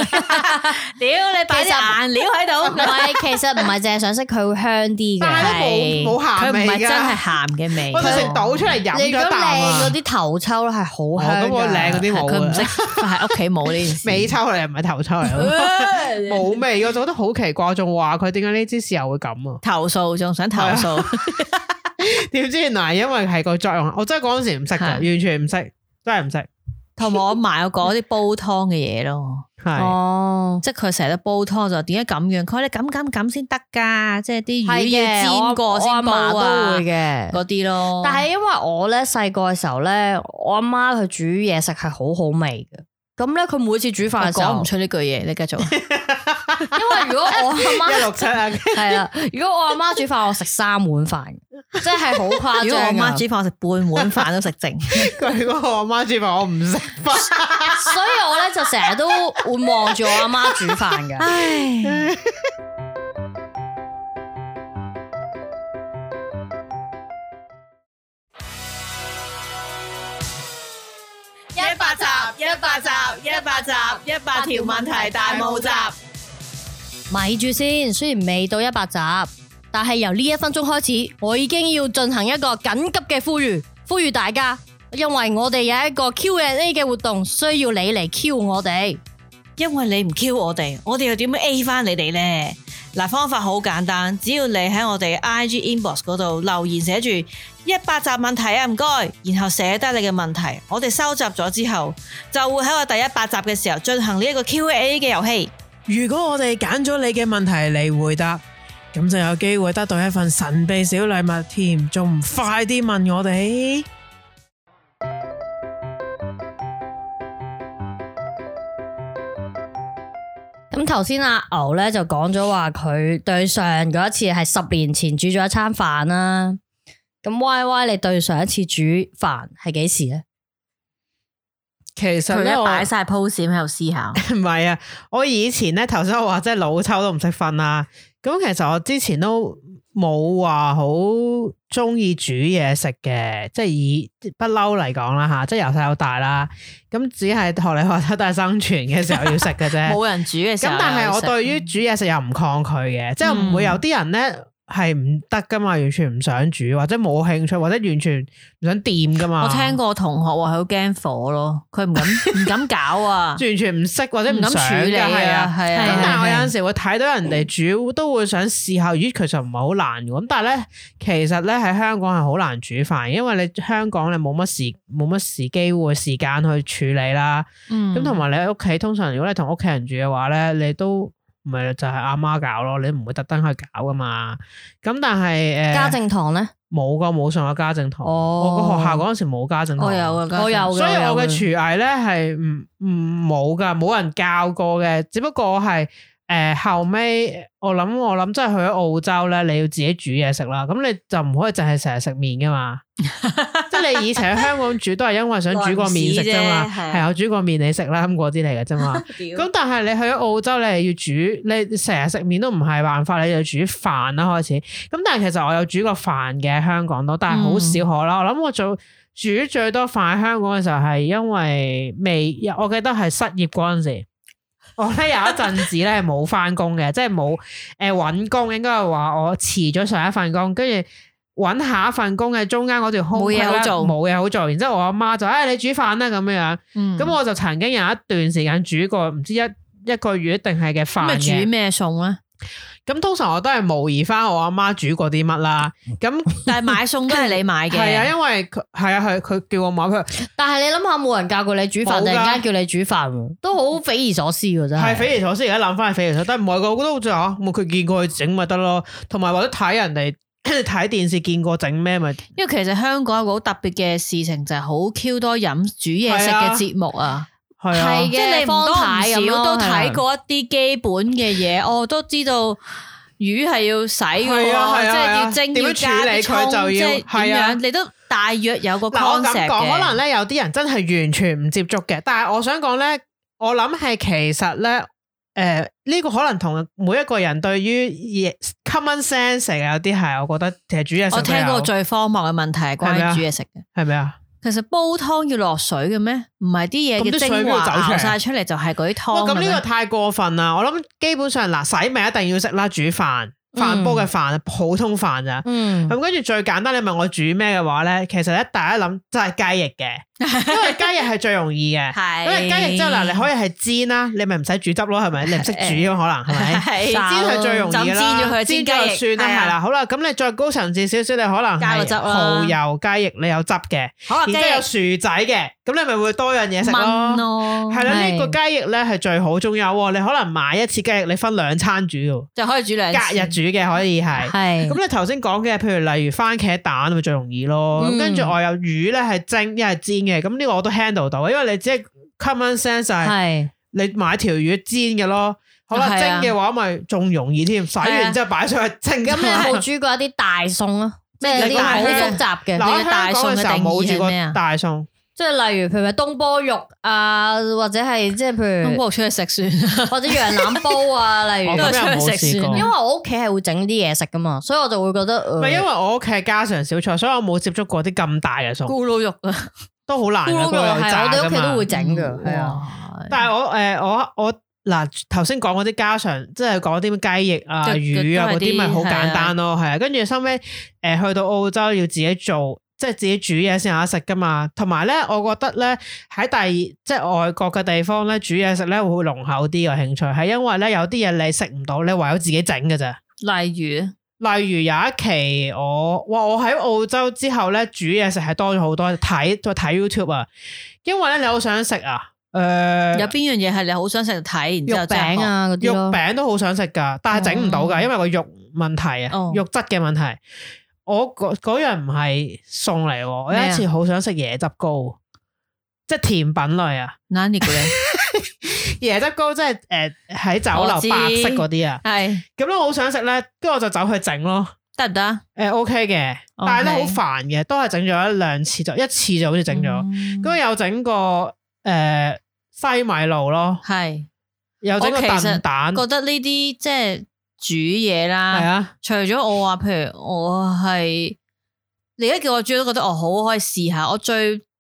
你擺啲顏料喺度，唔係，其實唔係淨係上色，佢會香啲嘅，係冇咸味，佢唔係真係咸嘅味。佢平倒出嚟飲咗啖啊。嗰啲頭抽咧係好香嘅，咁我靚嗰啲冇啊。佢唔識，但係屋企冇呢件尾抽嚟唔係頭抽嚟，冇味，我就覺得好奇怪，仲話佢點解呢支豉油會咁啊？投訴仲想投訴。點 <laughs> 知原來，因為係個作用，我真係嗰陣時唔識噶，完全唔識，真係唔識。同埋我媽有講啲煲湯嘅嘢咯，係，即係佢成日都煲湯就點解咁樣？佢話你咁咁咁先得噶，即係啲魚要煎過先得啊。都會嘅嗰啲咯。但係因為我咧細個嘅時候咧，我阿媽佢煮嘢食係好好味嘅。咁咧佢每次煮飯嘅時候，講唔出呢句嘢，你繼續。 <laughs> 因為如果我阿媽係啦，如果我阿媽煮飯，我食三碗飯，即係好誇張。如果我阿媽煮飯，我食半碗飯都食剩。如果我阿媽煮飯，我唔食飯。所以我咧就成日都會望住我阿媽煮飯嘅。 <laughs> 唉一八集，一八集，一八集，一百條問題大募集。咪住先，雖然未到一百集，但係由呢一分鐘開始，我已經要進行一個緊急嘅呼籲，呼籲大家，因為我哋有一個 Q&A 嘅活動，需要你嚟 Q、A、我哋。因為你唔 Q 我哋，我哋又點樣 A 翻你哋呢？嗱、啊，方法好簡單，只要你喺我哋 IG inbox 嗰度留言寫住一百集問題啊，唔該，然後寫低你嘅問題，我哋收集咗之後，就會喺我第一百集嘅時候進行呢一個 Q&A 嘅遊戲。如果我哋揀咗你嘅問題嚟回答，咁就有機會得到一份神秘小禮物添，仲唔快啲問我哋？咁頭先阿牛咧就講咗話佢對上嗰一次係十年前煮咗一餐飯啦。咁 Y Y 你對上一次煮飯係幾時呢？其實咧擺晒 pose 喺度思考，唔係啊！我以前咧頭先我話即係老抽都唔識分啦。咁其實我之前都冇話好中意煮嘢食嘅，即係以不嬲嚟講啦吓，即係由細到大啦。咁只係學你話齋，都係生存嘅時候要食嘅啫。冇 <laughs> 人煮嘅，時候，咁但係我對於煮嘢食又唔抗拒嘅，嗯、即係唔會有啲人咧。係唔得噶嘛？完全唔想煮，或者冇興趣，或者完全唔想掂噶嘛？我聽過同學話，佢好驚火咯，佢唔敢唔敢搞啊！完全唔識或者唔敢處理。係啊係啊。咁但係我有陣時會睇到人哋煮，都會想試下。咦，其實唔係好難。咁但係咧，其實咧喺香港係好難煮飯，因為你香港你冇乜時冇乜時機會時間去處理啦。咁同埋你喺屋企，通常如果你同屋企人住嘅話咧，你都。唔係就係阿媽搞咯，你唔會特登去搞噶嘛。咁但係誒，家政堂咧，冇噶，冇上過家政堂。我個學校嗰陣時冇家政堂。我有噶，我有。所以我嘅廚藝咧係唔唔冇噶，冇人教過嘅。只不過係誒、呃、後尾，我諗我諗，即係去咗澳洲咧，你要自己煮嘢食啦。咁你就唔可以淨係成日食麵噶嘛。 <laughs> <laughs> 你以前喺香港煮都係因為想煮個麵食啫嘛。係我煮個麵你食啦，咁嗰啲嚟嘅啫嘛。咁但係你去澳洲，你係要煮，你成日食麵都唔係辦法，你就煮飯啦開始。咁但係其實我有煮過飯嘅喺香港都，但係好少可咯。我諗我做煮最多飯喺香港嘅時候係因為未，我記得係失業嗰陣時，我咧有一陣子咧冇翻工，嘅即係冇誒搵工，應該係話我辭咗上一份工，跟住。搵下一份工嘅中間嗰段空，冇嘢好做，冇嘢好做。然之後我阿媽就誒，你煮飯啦咁樣樣。咁我就曾經有一段時間煮過，唔知一一個月定係嘅飯。煮咩餸咧？咁通常我都係模擬翻我阿媽煮過啲乜啦。咁但係買餸都係你買嘅。係啊，因為佢係啊係佢叫我買佢。但係你諗下，冇人教過你煮飯，突然間叫你煮飯的，都好匪夷所思噶啫。係匪夷所思，而家諗翻係匪夷所思，但係唔係我覺得好似吓，咁佢見過佢整咪得咯。同埋或者睇人哋。跟住睇電視見過整咩咪，因為其實香港有個好特別嘅事情就係好 Q 多飲煮嘢食嘅節目啊，係嘅、啊，啊、的即係你唔多唔少都睇過一啲基本嘅嘢，我、啊啊哦、都知道魚係要洗，啊啊、即係要蒸點、啊、蒸樣處理佢就要，係啊，你都大約有個。我咁講，可能咧有啲人真係完全唔接觸嘅，但係我想講咧，我諗係其實咧。誒，呢、呃，這個可能同每一個人對於 common sense 有啲係，我覺得其實煮嘢食。我聽過最荒謬嘅問題係關於煮嘢食嘅，係咪啊？其實煲湯要落水嘅咩？唔係啲嘢嘅精華熬晒出嚟就係嗰啲湯。咁呢個太過分啦！我諗基本上嗱，洗米一定要食啦，煮飯、飯煲嘅飯，嗯、普通飯咋。嗯。咁跟住最簡單，你問我煮咩嘅話咧，其實一大家諗就係雞翼嘅。因為雞翼係最容易嘅，因為雞翼之後嗱，你可以係煎啦，你咪唔使煮汁咯，係咪？你唔識煮咁可能係咪？煎係最容易啦，就煎佢煎雞翼算啦，係啦，好啦，咁你再高層次少少，你可能係蚝油雞翼，你有汁嘅，好啦，然之後有薯仔嘅，咁你咪會多樣嘢食咯，係啦，呢個雞翼咧係最好重要，你可能買一次雞翼，你分兩餐煮，就可以煮兩次隔日煮嘅，可以係，係，咁你頭先講嘅，譬如例如番茄蛋，咪最容易咯，跟住我有魚咧係蒸，一係煎。嘅，咁呢個我都 handle 到，因為你即係 common sense 係你買條魚煎嘅咯，好啦，蒸嘅話咪仲容易添，洗完之後擺出去蒸。咁你冇煮過一啲大 𩠌 咩啲好複雜嘅大大 𩠌 定義係咩啊？大 𩠌 即係例如譬如東坡肉啊，或者係即係譬如東坡肉出去食算，或者羊腩煲啊，例如出去食算，因為我屋企係會整啲嘢食噶嘛，所以我就會覺得唔係，因為我屋企係家常小菜，所以我冇接觸過啲咁大嘅 𩠌 咕嚕肉啦。都好難，係，我哋屋企都會整㗎。係啊，但係我誒，我我嗱頭先講嗰啲家常，即係講啲咩雞翼啊、就魚啊嗰啲，咪好簡單咯。係啊的，跟住收尾誒，去到澳洲要自己做，即係自己煮嘢先有得食噶嘛。同埋咧，我覺得咧喺第二即係外國嘅地方咧，煮嘢食咧會濃厚啲嘅興趣，係因為咧有啲嘢你食唔到，你唯有自己整㗎咋。例如。例如有一期我，哇！我喺澳洲之後咧，煮嘢食係多咗好多，睇就睇 YouTube 啊，因為咧你好想食啊，誒、呃，有邊樣嘢係你好想食睇？然後肉餅啊，啲肉餅都好想食噶，但係整唔到噶，哦、因為個肉問題啊，哦、肉質嘅問題。我嗰樣唔係餸嚟，我有一次好想食椰汁糕，麼即係甜品類啊。 <laughs> 椰汁糕即係誒喺酒樓白色嗰啲啊，係咁咧，我好想食咧，跟住我就走去整咯，得唔得？誒、呃、，OK 嘅，OK 但係咧好煩嘅，都係整咗一兩次，就一次就好似整咗，咁、嗯、有整個誒西米露咯，係是有整個燉蛋。我覺得呢啲即係煮嘢啦，係啊，除咗我話，譬如我係你而家叫我煮，都覺得我好可以試下，我最。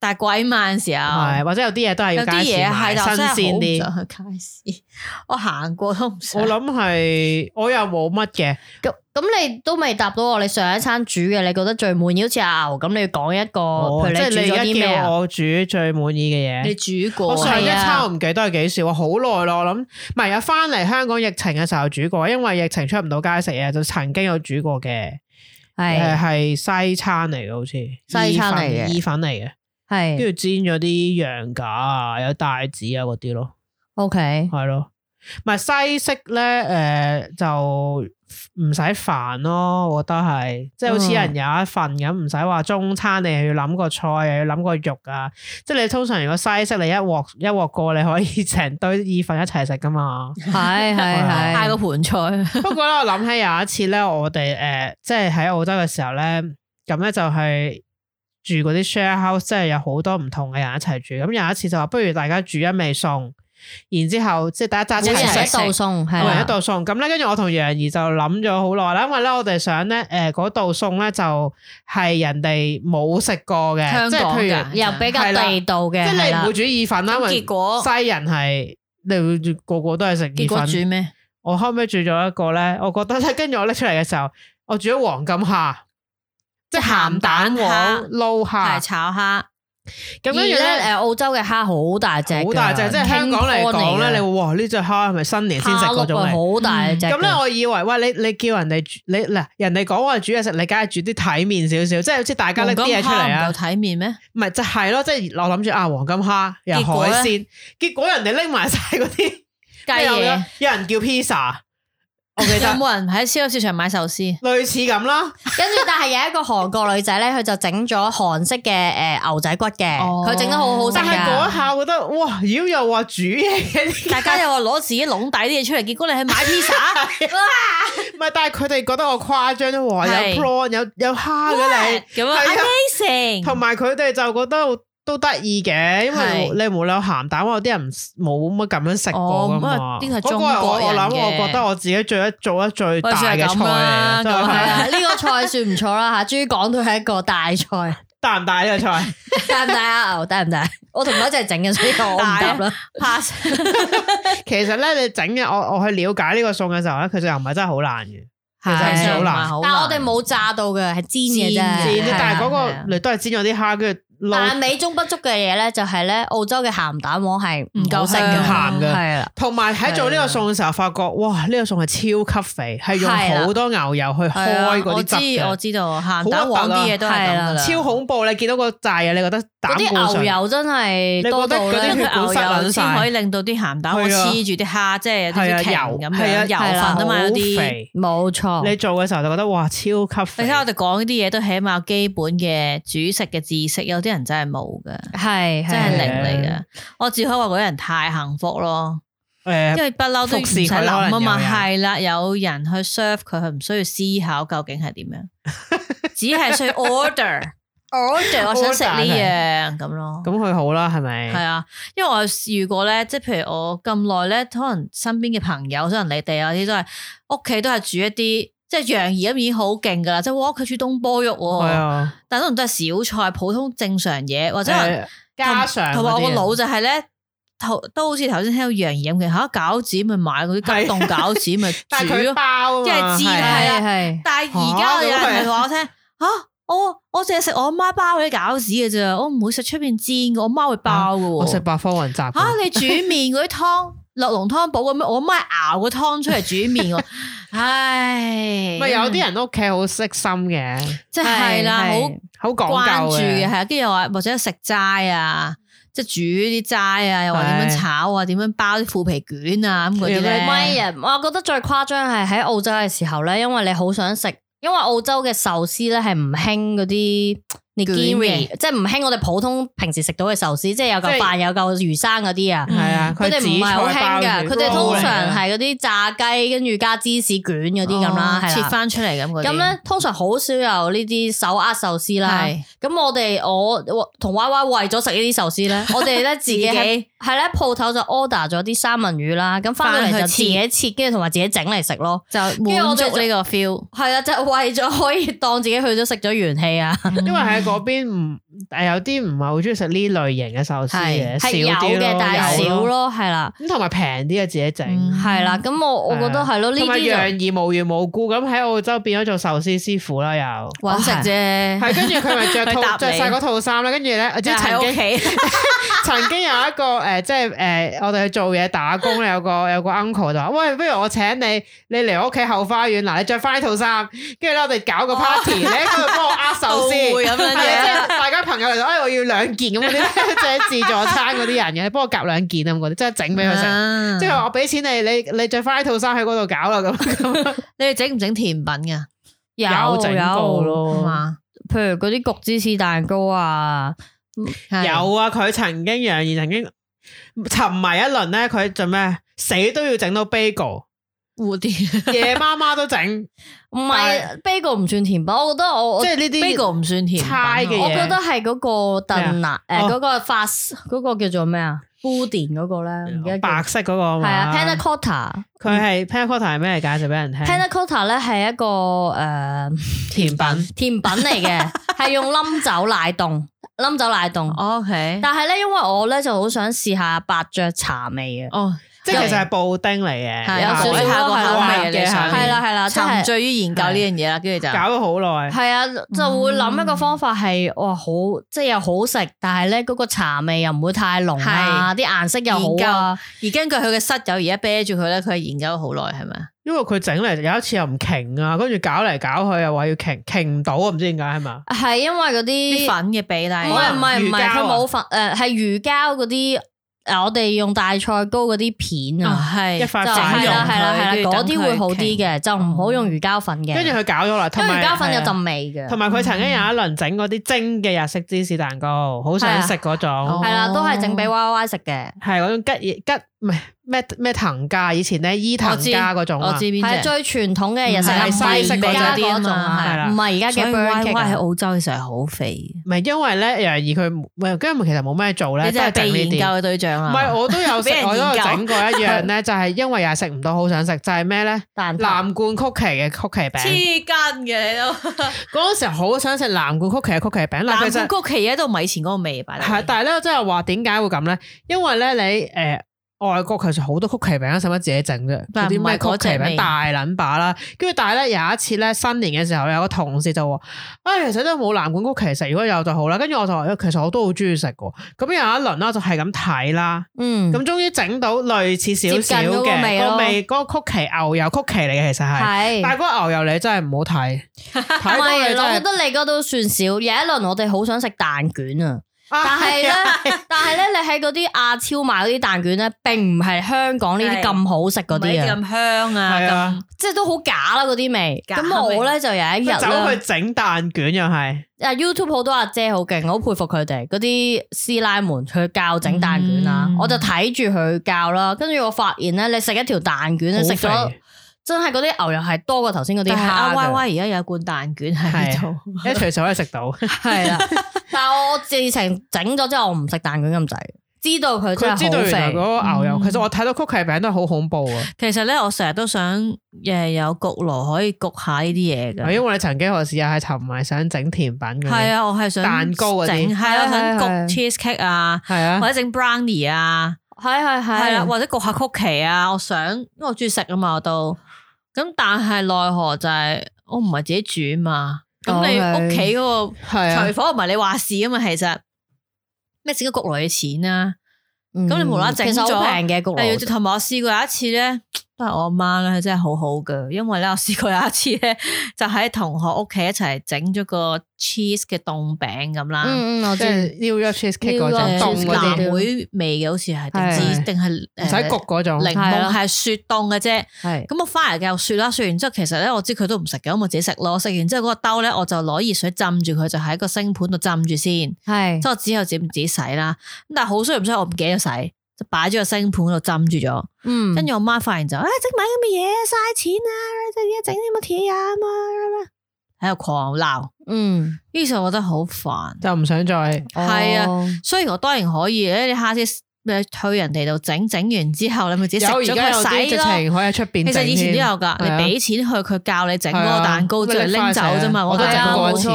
但係鬼晚時候，係或者有啲嘢，都係要街市買新鮮啲。街市，我行過都唔少。我諗係我又冇乜嘅。咁咁，你都未答到我。你上一餐煮嘅，你覺得最滿意好似阿牛。咁你要講一個，即係你一叫我煮最滿意嘅嘢。你煮過，我上一餐我唔記得係幾時。我好耐咯，我諗唔係啊。翻嚟香港疫情嘅時候煮過，因為疫情出唔到街食嘢，就曾經有煮過嘅。係係西餐嚟嘅，好似西餐嚟嘅意粉嚟嘅。係，跟住煎咗啲羊架啊，有帶子啊嗰啲咯。O K，係咯，咪西式咧？誒、呃，就唔使煩咯，我覺得係，即係好似人有一份咁，唔使話中餐你又要諗個菜，又要諗個肉啊。即係你通常如果西式你一鑊一鑊過，你可以成堆意粉一齊食噶嘛。係係係，個盤 <laughs> 的菜。 <laughs> 不過咧，我諗起有一次咧，我哋誒、呃，即係喺澳洲嘅時候咧，咁咧就係、是。住嗰啲 share house，即係有好多唔同嘅人一齊住。咁有一次就話，不如大家煮一味餸，然之後即係大家揸住一齊食，或者一道餸。咁咧，跟住我同楊怡就諗咗好耐啦，因為咧我哋想咧誒嗰道餸咧就係人哋冇食過嘅，即係譬如又比較地道嘅。即係你唔會煮意粉啦，因為西人係你會個個都係食意粉。結果煮咩？我後尾煮咗一個咧，我覺得咧，跟住我拎出嚟嘅時候，我煮咗黃金蝦。即係鹹蛋黃撈蝦，蝦炒蝦。咁跟住咧，誒，澳洲嘅蝦好大隻，好大隻。即係香港嚟講咧，你會哇呢隻蝦係咪新年先食嗰種？好大隻。咁咧、嗯，我以為，喂，你你叫人哋煮，你嗱，人哋講話煮嘢食，你梗係煮啲體面少少，即係好似大家拎啲嘢出嚟啊。夠體面咩？唔係就係咯，即係我諗住啊，黃金蝦又有海鮮，結果，結果人哋拎埋晒嗰啲雞翼，雞也 <laughs> 有人叫 pizza。我記得有冇人喺鮮肉市場買壽司？類似咁啦，跟住但係有一個韓國女仔咧，佢就整咗韓式嘅誒牛仔骨嘅，佢整得好好食。喺嗰一下覺得哇，妖又話煮嘢，大家又話攞自己籠底啲嘢出嚟，結果你去買披薩。唔係，但係佢哋覺得我誇張啫，有 prawn，有有蝦嘅你，咁啊，Amazing。同埋佢哋就覺得。都得意嘅，因為你冇咧鹹蛋，但係有啲人冇乜咁樣食過噶嘛。嗰個我我諗我覺得我自己做一做得最大嘅菜啦，呢個菜算唔錯啦吓。終於講到係一個大菜，大唔大呢個菜？大唔大啊？大唔大？我同佢一齊整嘅，所以大啦 pass 其實咧，你整嘅我我去了解呢個餸嘅時候咧，其實又唔係真係好難嘅，其實唔係好難，但係我哋冇炸到嘅，係煎嘅啫。但係嗰個你都係煎咗啲蝦，跟住。但美中不足嘅嘢咧，就係咧澳洲嘅鹹蛋黃係唔夠食嘅鹹嘅，係啊。同埋喺做呢個餸嘅時候，發覺哇，呢個餸係超級肥，係用好多牛油去開嗰啲汁嘅。我知道，我知道鹹蛋黃啲嘢都係咁啦。超恐怖，你見到個炸嘢，你覺得啲牛油真係多到，因為佢牛油先可以令到啲鹹蛋黃黐住啲蝦，即係有啲油咁油份啊嘛，有啲肥冇錯。你做嘅時候就覺得哇，超級肥。你睇我哋講啲嘢都起碼基本嘅煮食嘅知識，有啲。啲人真係冇嘅，係的真係零嚟嘅。的我只可以話嗰啲人太幸福咯，誒，因為不嬲都唔使諗啊嘛。係啦，有人去 serve 佢，佢唔需要思考究竟係點樣， <laughs> 只係需要 order。 <laughs> order，我想食呢、嗯、樣咁咯。咁佢好啦，係咪？係啊，因為我試過咧，即係譬如我咁耐咧，可能身邊嘅朋友，可能你哋有啲都係屋企都係煮一啲。即係楊怡一面已經好勁噶啦，即係佢煮東坡肉，啊、但係都唔都係小菜，普通正常嘢或者，啊、家常，就是。同埋我個腦就係咧，頭都好似頭先聽到楊怡咁嘅吓，餃子咪買嗰啲急凍餃子咪但佢包，即係煎係啊。啊但係而家有人話我聽，吓我我淨係食我阿媽包嗰啲餃子嘅啫，我唔會食出邊煎嘅，我媽會，會包嘅，啊。我食八方雲集吓，你煮麵嗰啲湯。 <laughs> <laughs> 落濃湯寶咁咩？我媽熬個湯出嚟煮麵喎。 <laughs> 唉，咪有啲人屋企好識心嘅，即係啦，好好關注嘅，係啊。跟住又話或者食齋啊，即係煮啲齋啊，又話點樣炒啊，點是、啊、樣包啲腐皮卷啊咁嗰啲咧。我覺得最誇張係喺澳洲嘅時候咧，因為你好想食，因為澳洲嘅壽司咧係唔興嗰啲。即係唔興，我哋普通平時食到嘅壽司，即係是有嚿飯有嚿魚生嗰啲啊。係啊、嗯，佢哋唔係好興嘅，佢哋通常係嗰啲炸雞跟住加芝士卷嗰啲咁啦，哦、的切翻出嚟咁啲。咁咧通常好少有呢啲手握壽司啦。咁的我哋我同娃娃為咗食呢啲壽司咧， <laughs> 我哋咧自己。係咧，鋪頭就 order 咗啲三文魚啦，咁翻到嚟就自己切，跟住同埋自己整嚟食咯，就滿足呢個 feel。係啊，就為咗可以當自己去咗食咗元氣啊，因為喺嗰邊唔。 <laughs> 但有啲唔係好中意食呢類型嘅壽司嘅，少啲嘅，大少咯，係啦。咁同埋平啲嘅自己整，係啦。咁我我覺得係咯，呢啲同埋楊怡無緣無故咁喺澳洲變咗做壽司師傅啦，又揾食啫。係跟住佢咪着套着晒嗰套衫咧，跟住咧，即係曾經曾經有一個誒，即係誒，我哋去做嘢打工咧，有個有個 uncle 就話，喂，不如我請你，你嚟我屋企後花園嗱，你着翻呢套衫，跟住咧我哋搞個 party，你喺度幫我握壽司咁樣，即係大家。朋友嚟，哎，我要兩件咁嗰啲，即係 <laughs> 自助餐嗰啲人嘅， <laughs> 你幫我夾兩件咁，就是啊，我覺即係整俾佢食，即係我俾錢你，你你著翻套衫喺嗰度搞啦咁。你哋整唔整甜品㗎？有有咯，嗎譬如嗰啲焗芝士蛋糕啊，有啊！佢曾經揚言曾經沉迷一輪咧，佢做咩？死都要整到 bagel。蝴蝶夜媽媽都整，唔係，b a g o n 唔算甜品，我覺得我即係呢啲 b a g o n 唔算甜品嘅。我覺得係嗰個燉啊，誒嗰個法嗰個叫做咩啊，布甸嗰個咧，而家白色嗰個啊 Panacotta 佢係 Panacotta 係咩？嚟介紹俾人聽，Panacotta 咧係一個誒甜品，甜品嚟嘅，係用冧酒奶凍，冧酒奶凍，OK，但係咧，因為我咧就好想試下白薑茶味啊。即係其實係布丁嚟嘅，有少少下個口味嘅。係啦係啦，真係醉於研究呢樣嘢啦。跟住就搞咗好耐。係啊，就會諗一個方法係哇，好即係又好食，但係咧嗰個茶味又唔會太濃啊，啲顏色又好啊。而根據佢嘅室友而家啤住佢咧，佢係研究咗好耐，係咪啊？因為佢整嚟有一次又唔瓊啊，跟住搞嚟搞去又話要瓊瓊唔到啊，唔知點解係咪啊？係因為嗰啲粉嘅比例唔係唔係唔係，佢冇粉誒，係魚膠嗰啲。我哋用大菜糕嗰啲片啊，係就一塊整用，係啦係啦嗰啲會好啲嘅，後就唔好用魚膠粉嘅。跟住佢搞咗啦，同埋魚膠粉有陣味嘅。同埋佢曾經有一輪整嗰啲蒸嘅日式芝士蛋糕，好想食嗰種。係啦、啊哦啊，都係整俾 Y Y 食嘅，係嗰、啊、種吉吉唔係。咩咩藤家以前咧，伊藤家嗰種我知邊隻最傳統嘅人西式、西式嗰種係啦，唔係而家嘅。唔係喺澳洲嘅時候好肥。唔係因為咧，而佢唔跟住唔其實冇咩做咧，都係整呢啲。被研究嘅對象啊。唔係我都有，我都有整過一樣咧，就係因為又係食唔到，好想食就係咩咧？藍罐曲奇嘅曲奇餅。黐筋嘅你都。嗰陣時好想食藍罐曲奇嘅曲奇餅，但係真係。藍罐曲奇都唔係以前嗰個味，但係咧，真係話點解會咁咧？因為咧，你誒。外國其實好多曲奇餅都使乜自己整啫，做啲咩曲奇餅大捻把啦，跟住但係咧有一次咧 <laughs> 新年嘅時候有個同事就話，啊、哎、其實都冇藍罐曲奇食，如果有就好啦。跟住我就話其實我都好中意食嘅，咁有一輪啦就係咁睇啦，嗯，咁終於整到類似少少嘅味。嗯、個味，嗰個曲奇牛油曲奇嚟，嘅是，其實係，但係嗰個牛油你真係唔好睇，唔係， <laughs> 我覺得你嗰都算少。有一輪我哋好想食蛋卷啊。但係咧， <laughs> 但係咧，你喺嗰啲亞超買嗰啲蛋卷咧，並唔係香港呢啲咁好食嗰啲啊，咁香啊，係啊，即係都好假啦嗰啲味。咁我咧就有一日咯，去整蛋卷又係啊 YouTube 好多阿姐好勁，我好佩服佢哋嗰啲師奶們去教整蛋卷啊，嗯、我就睇住佢教啦，跟住我發現咧，你食一條蛋卷，食咗。真係嗰啲牛油係多過頭先嗰啲蝦嘅。Y Y 而家有一罐蛋卷喺度，一隨時可以食到。係啦， <laughs> 但係我自成整咗之後，我唔食蛋卷咁滯。知道佢真係好肥。嗰個牛油，嗯、其實我睇到曲奇餅都係好恐怖啊。其實咧，我成日都想誒有焗爐可以焗下呢啲嘢嘅。因為你曾經我試下尋埋想整甜品，嘅。係啊，的我係想蛋糕整，係啊，想焗 cheese cake 啊，係啊，或者整 brownie 啊，係係係，係啦，或者焗下曲奇啊。我想，因為我中意食啊嘛，我都。咁但係奈何就係我唔係自己煮嘛，咁、哦、是你屋企嗰個廚房唔係你話事啊嘛，是啊其實咩整個焗來嘅錢啊，咁、嗯、你無啦整咗平嘅焗爐，同埋、哎、我試過有一次咧。都係我阿媽咧，佢真係好好㗎。因為咧，我試過有一次咧，就喺同學屋企一齊整咗個 cheese 嘅凍餅咁啦。嗯嗯，我知。New York cheese cake 嗰種凍嘅，藍莓味嘅，好似係定定係唔使焗嗰種。檸檬係雪凍嘅啫。係。咁我翻嚟又雪啦，雪完之後其實咧，我知佢都唔食嘅，咁我自己食咯。食完之後嗰個兜咧，我就攞熱水浸住佢，就喺個星盤度浸住先。係。即係之後自唔自己洗啦。咁但係好衰唔衰，我唔記得洗。就擺咗個錫盤嗰度浸住咗，跟住我媽發現就誒整埋咁乜嘢，嘥錢啦，即係而家整啲乜嘢啊咁啊，喺度狂鬧，嗯，於是我覺得好煩，就唔想再係啊。雖然我當然可以，誒你下次去人哋度整，整完之後，你咪直接食咗佢洗啦。可以出邊，其實以前都有噶，你俾錢去佢教你整嗰個蛋糕，之嚟拎走啫嘛。我都整過一次，係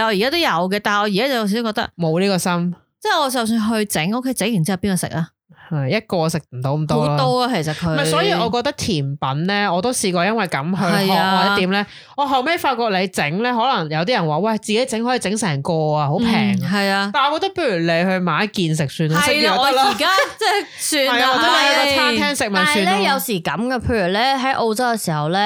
啊，而家都有嘅，但係我而家就少覺得冇呢個心。即係我就算去整，屋企，整完之後邊個食啊？係一個食唔到咁多，好多啊其實佢。唔係，所以我覺得甜品咧，我都試過，因為咁去學，啊、或者點咧，我後尾發覺你整咧，可能有啲人話，喂，自己整可以整成個啊，好平，嗯。係啊，但係我覺得不如你去買一件算，啊、食算啦，食藥得啦。而家即係算啦，一個餐廳食物。算但係咧有時咁嘅，譬如咧喺澳洲嘅時候咧，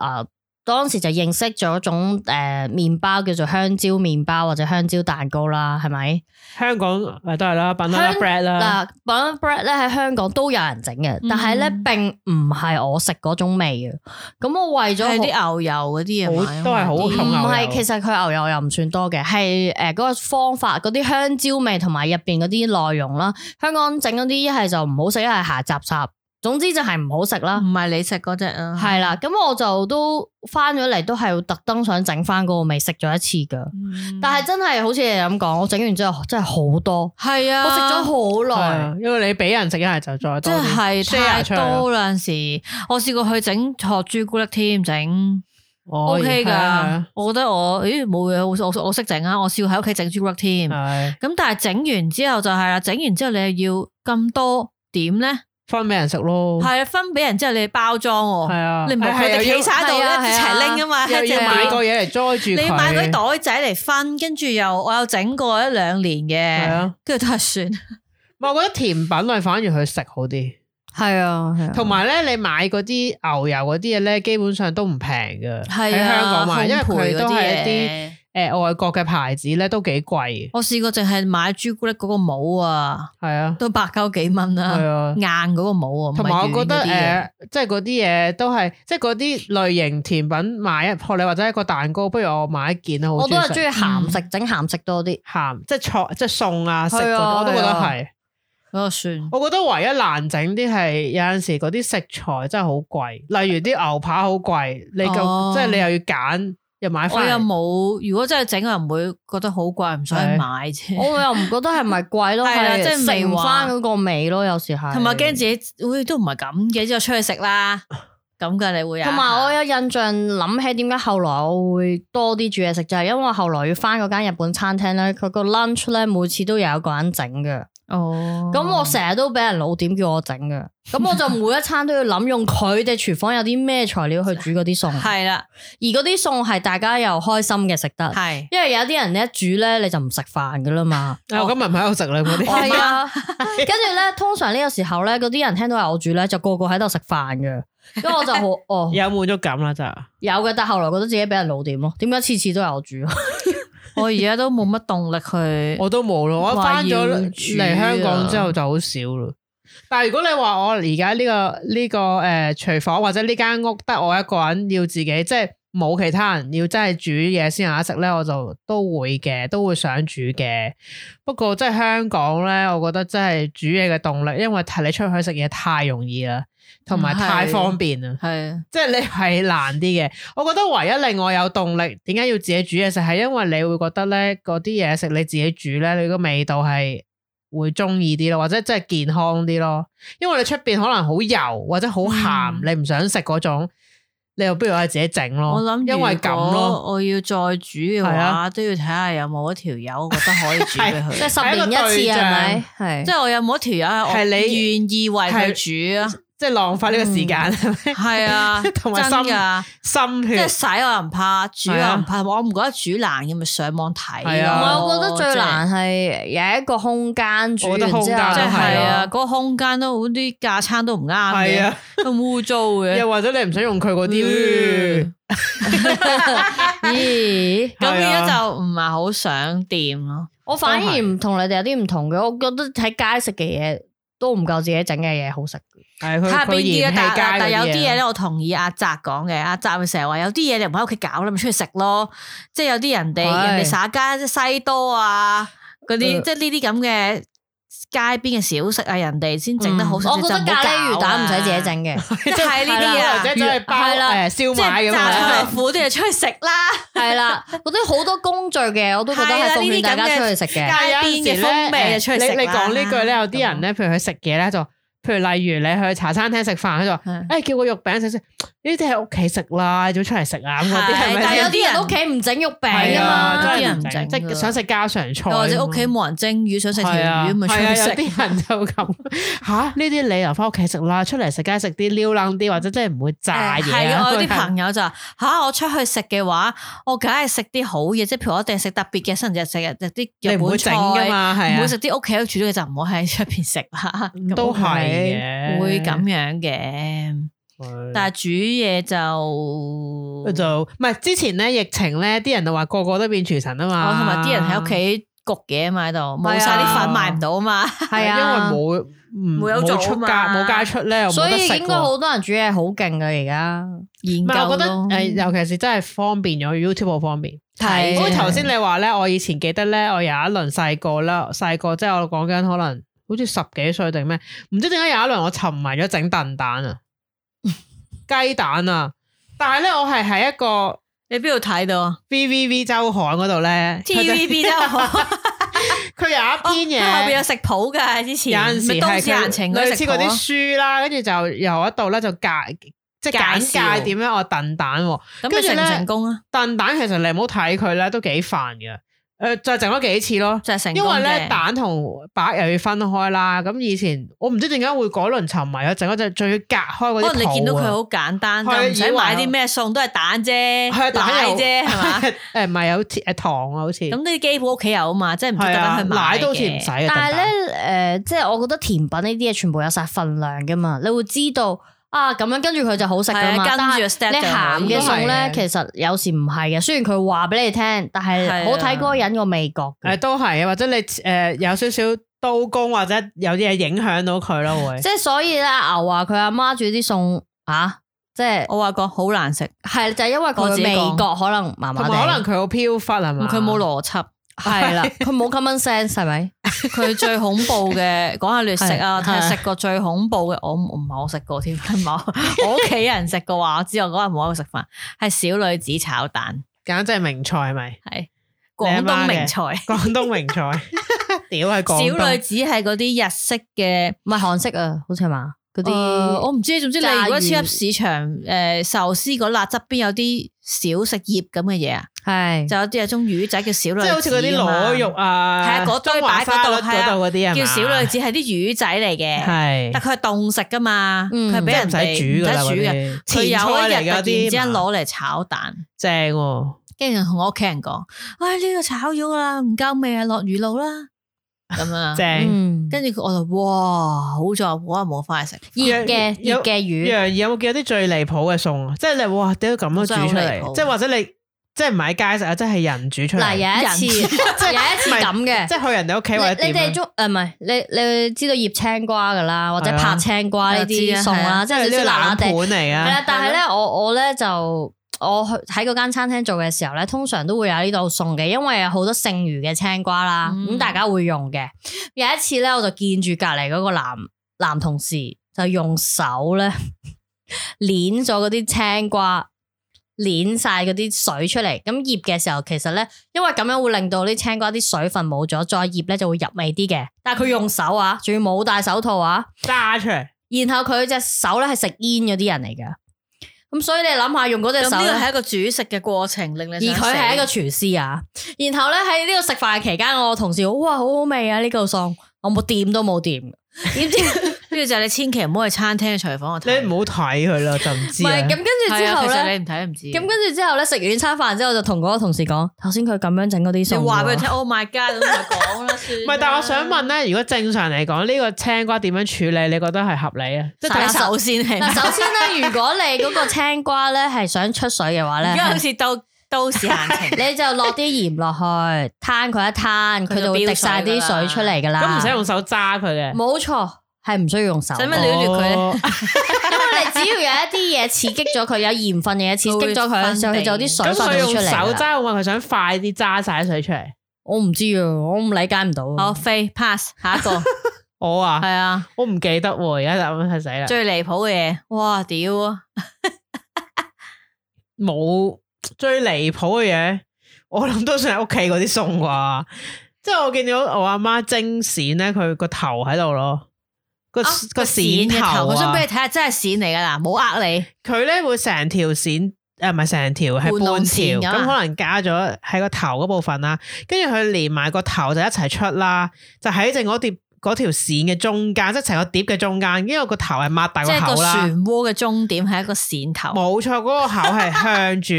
啊、呃。當時就認識咗一種誒麵包叫做香蕉麵包或者香蕉蛋糕啦，係咪？香港誒都係啦 banana bread 啦，banana bread 咧喺香港都有人整嘅，但係咧並唔係我食嗰種味啊。咁我為咗啲牛油嗰啲嘢，都係好唔係。其實佢牛油又唔算多嘅，係誒嗰個方法嗰啲香蕉味同埋入邊嗰啲內容啦。香港整嗰啲一係就唔好食，一係下雜雜。總之就係唔好食啦，唔係你食嗰隻啊，係啦，咁我就都翻咗嚟，都係特登想整翻嗰個味，食咗一次噶，嗯、但係真係好似你咁講，我整完之後真係好多，係啊，我食咗好耐，因為你俾人食一下就再多，真係太多啦，有陣時我試過去整錯朱古力添整，O K 噶，我覺得我咦冇嘢，我我我識整啊，我試過喺屋企整朱古力添，咁的是但係整完之後就係、是、啦，整完，完之後你又要咁多點咧？分俾人食咯，係啊，分俾人之後你包裝喎，係啊，你唔係佢哋企晒度一齊拎啊嘛，係只買個嘢嚟載住佢，你買個袋仔嚟分，跟住又我又整過一兩年嘅，係啊，跟住都係算。唔係，我覺得甜品類反而去食好啲，係啊，同埋咧你買嗰啲牛油嗰啲嘢咧，基本上都唔平噶，喺香港買，因為佢都係一啲。誒，外國嘅牌子咧都幾貴。我試過淨係買朱古力嗰個帽啊，係啊，都百九幾蚊啊，硬嗰個帽啊。同埋我覺得誒，即係嗰啲嘢都係，即係嗰啲類型甜品買一破，你或者一個蛋糕，不如我買一件啦。我都係中意咸食，整咸食多啲。咸，即係菜，即係餸啊，食嗰我都覺得係。嗰個算。我覺得唯一難整啲係，有陣時嗰啲食材真係好貴，例如啲牛扒好貴，你咁即係你又要揀。又買翻，我又冇。如果真係整，又唔會覺得好貴，唔想去買啫。我又唔覺得係咪貴咯，係啊，即係成翻嗰個味咯，有時係。同埋驚自己，會都唔係咁嘅，之後出去食啦，咁嘅你會有。同埋我有印象，諗起點解後來我會多啲煮嘢食，就係因為後來要翻嗰間日本餐廳咧，佢個 lunch 咧，每次都有一個人整嘅。哦，咁、oh. 我成日都俾人老點叫我整嘅，咁我就每一餐都要諗用佢哋廚房有啲咩材料去煮嗰啲餸。係啦 <laughs> 的，而嗰啲餸係大家又開心嘅食得，係是，因為有啲人咧煮咧，你就唔食飯噶啦嘛。我今日唔喺度食你，嗰啲我。係些啊，跟住咧，通常呢個時候咧，嗰啲人聽到係我煮咧，就個個喺度食飯嘅，咁我就好哦， <laughs> 有滿足感啦，就 <laughs> 有嘅，但係後來覺得自己俾人老點咯，點解次次都係我煮 <laughs> 我而家都冇乜動力去 <laughs> 我，我都冇咯。我翻咗嚟香港之後就好少啦。 <music> 但係如果你話我而家呢個呢、這個誒廚、呃、房或者呢間屋得我一個人要自己即係冇其他人要真係煮嘢先有得食咧，我就都會嘅，都會想煮嘅。不過即係香港咧，我覺得真係煮嘢嘅動力，因為睇你出去食嘢太容易啦。同埋太方便啦，係啊的，即係你係難啲嘅。我覺得唯一令我有動力，點解要自己煮嘢食，係因為你會覺得咧，嗰啲嘢食你自己煮咧，你個味道係會中意啲咯，或者即係健康啲咯。因為你出邊可能好油或者好鹹，嗯、你唔想食嗰種，你又不如係自己整咯。我諗因為咁咯，我要再煮嘅話，是的 都要睇下有冇一條友我覺得可以煮俾佢，即係十年一次係咪？係即係我有冇一條友係我願意為佢煮啊？即係浪費呢個時間，係咪？係啊，同埋心心血，即係洗我又唔怕，煮我又唔怕，我唔覺得煮難嘅，咪上網睇咯。唔係，我覺得最難係有一個空間煮得好，即係係啊，個空間都啲架餐都唔啱啊，咁污糟嘅，又或者你唔使用佢嗰啲。咦？咁而家就唔係好想掂咯。我反而唔同你哋有啲唔同嘅，我覺得喺街食嘅嘢都唔夠自己整嘅嘢好食。係佢佢研究嘅嘢，但係有啲嘢咧，我同意阿澤講嘅。阿澤咪成日話有啲嘢你唔喺屋企搞，你咪出去食咯。即係有啲人哋人哋耍街即西多啊，嗰啲即係呢啲咁嘅街邊嘅小食啊，人哋先整得好食。我覺得咖喱魚蛋唔使自己整嘅，即係呢啲啊，或者真係包誒燒賣咁樣。苦啲就出去食啦，係啦，嗰啲好多工序嘅，我都覺得係啊。呢啲咁嘅街邊嘅風味出去食。你你講呢句咧，有啲人咧，譬如佢食嘢咧就。譬如例如你去茶餐廳食飯，喺度誒叫個肉餅食食，呢啲喺屋企食啦，仲出嚟食啊咁嗰啲。但有啲人屋企唔整肉餅噶，啲人唔整，即係想食家常菜，或者屋企冇人蒸魚，想食條魚咪出去食。啲人就咁吓，呢啲留翻屋企食啦，出嚟食梗係食啲撩楞啲，或者真係唔會炸嘢。係我有啲朋友就吓，我出去食嘅話，我梗係食啲好嘢，即譬如我哋食特別嘅生日食日啲日本菜，唔會整噶嘛，唔會食啲屋企都煮嘅就唔好喺出邊食。都係。會咁樣嘅，的但係煮嘢就就唔係之前咧，疫情咧，啲人就話個個都變廚神啊嘛，同埋啲人喺屋企焗嘢啊的嘛，喺度冇晒啲粉賣唔到啊嘛，係啊，因為冇冇有做出冇街出咧，所以應該好多人煮嘢好勁嘅，而家研究咯。誒，尤其是真係方便咗 YouTube 好方便。係的，咁頭先你話咧，我以前記得咧，我有一輪細個啦，細個即係我講緊可能。好似十幾歲定咩？唔知點解有一輪我沉迷咗整燉蛋啊、雞 <laughs> 蛋啊，但係咧我係喺一個你邊度睇到啊 V V V 周刊嗰度咧？T V B 周刊佢 <laughs> <laughs> 有一篇嘢，後邊、哦、有食譜嘅。之前有陣時係都似情，請，類似嗰啲書啦。跟住就有一度咧就教即係簡介點樣我燉蛋。咁你成唔成功啊？燉蛋其實你唔好睇佢咧，都幾煩嘅。誒，就係整咗幾次咯，就係成功嘅。因為咧蛋同白又要分開啦。咁以前我唔知點解會嗰輪沉迷，我整嗰陣仲要隔開嗰啲糖。你見到佢好簡單，唔使是買啲咩餸，都係蛋啫，是奶啫油，係嘛？誒，唔係有誒糖啊，好似。咁呢啲基本屋企有嘛？即係唔使特登去買嘅。奶都好似唔使，但係咧誒，即係我覺得甜品呢啲嘢全部有晒份量噶嘛，你會知道。啊，咁樣跟住佢就好食噶嘛，跟段段但係你鹹嘅餸咧，是其實有時唔係嘅。雖然佢話俾你聽，但係好睇，嗰個人個味覺。誒，都係，或者你誒、呃、有少少刀工或者有啲嘢影響到佢咯，會。即係所以咧，阿牛話佢阿媽煮啲餸啊，即、就、係、是、我話過好難食，係就係、是、因為佢味覺可能麻麻地，可能佢好飄忽係嘛？佢冇邏輯。係啦，佢冇 common sense 係咪？佢最恐怖嘅，講下劣食啊，食 <laughs> 過最恐怖嘅，我唔係我食過添，係我屋企人食嘅話，我知我嗰日冇喺度食飯，係小女子炒蛋，簡直係名菜係咪？係廣東名菜，廣東名菜，屌，係廣東，小女子係嗰啲日式嘅，唔係韓式啊，好似係嘛？啲，我唔知，總之你如果超級市場，誒，壽司嗰辣汁邊有啲小食葉咁嘅嘢啊，係，就有啲有種魚仔叫小女，即係好似嗰啲螺肉啊，係啊，嗰堆擺嗰度，嗰度嗰啲啊，叫小女子，係啲魚仔嚟嘅，係，但佢係凍食噶嘛，佢係俾人仔煮嘅，煮嘅，前有一日嗰啲，即攞嚟炒蛋，正，跟住同我屋企人講，喂，呢個炒咗啦，唔夠味啊，落魚露啦。咁啊，正，跟住我就哇，好在我又冇翻去食，醃嘅醃嘅魚，有冇見有啲最離譜嘅餸？即係你哇，點解咁都煮出嚟？即係或者你即係唔喺街食啊？即係人煮出嚟。嗱，有一次，有一次咁嘅，即係去人哋屋企或者你哋中誒唔係你你知道醃青瓜噶啦，或者拍青瓜呢啲餸啦，即係呢啲冷盤嚟啊。係啦，但係咧我我咧就。我去喺嗰間餐廳做嘅時候咧，通常都會有呢度送嘅，因為有好多剩餘嘅青瓜啦，咁、嗯、大家會用嘅。有一次咧，我就見住隔籬嗰個男男同事就用手咧，捻咗嗰啲青瓜，捻晒嗰啲水出嚟。咁醃嘅時候，其實咧，因為咁樣會令到啲青瓜啲水分冇咗，再醃咧就會入味啲嘅。但係佢用手啊，仲要冇戴手套啊，揸出嚟，然後佢隻手咧係食煙嗰啲人嚟嘅。咁所以你諗下用嗰隻手係一個煮食嘅過程，令你而佢係一個廚師啊。然後咧，喺呢個食飯嘅期間，我同事話哇，好好味啊！呢、這個餸我冇掂，都冇掂。點知？跟住就你千祈唔好去餐廳嘅廚房度睇，你唔好睇佢啦就唔知。係咁， <laughs> 跟住之後其實你唔睇唔知。咁跟住之後咧，食完餐飯之後就同嗰個同事講，頭先佢咁樣整嗰啲，你話俾佢聽。Oh my god！咁就講啦，唔係 <laughs> 了，但係我想問咧，如果正常嚟講，呢、這個青瓜點樣處理？你覺得係合理啊？即係 <laughs> 首先係首先咧，如果你嗰個青瓜咧係想出水嘅話咧，而家好似到。到時行，你就落啲鹽落去，攤佢一攤，佢就會滴晒啲水出嚟噶啦。咁唔使用手揸佢嘅。冇錯，係唔需要用手。使乜撩撩佢咧？咁我哋只要有一啲嘢，刺激咗佢，有鹽分嘢刺激咗佢，就啲水分出嚟。用手揸，我話佢想快啲揸晒啲水出嚟。我唔知啊，我唔理解唔到。哦，飛 pass 下一個。我啊，係啊，我唔記得喎。而家就咁樣死啦。最離譜嘅嘢，哇，屌，啊！冇。最離譜嘅嘢，我諗都算係屋企嗰啲餸啩，即係我見到我阿媽蒸鱔咧，佢個頭喺度咯，個個鱔頭，我想俾你睇下，真係鱔嚟噶啦，冇呃你。佢咧會成條鱔，誒唔係成條係半條咁，可能加咗喺個頭嗰部分啦，跟住佢連埋個頭就一齊出啦，就喺正嗰碟。嗰條線嘅中間，即係成個碟嘅中間，因為頭個頭係擘大個口啦。即係個漩渦嘅終點係一個線頭。冇錯，嗰、嗰個口係向住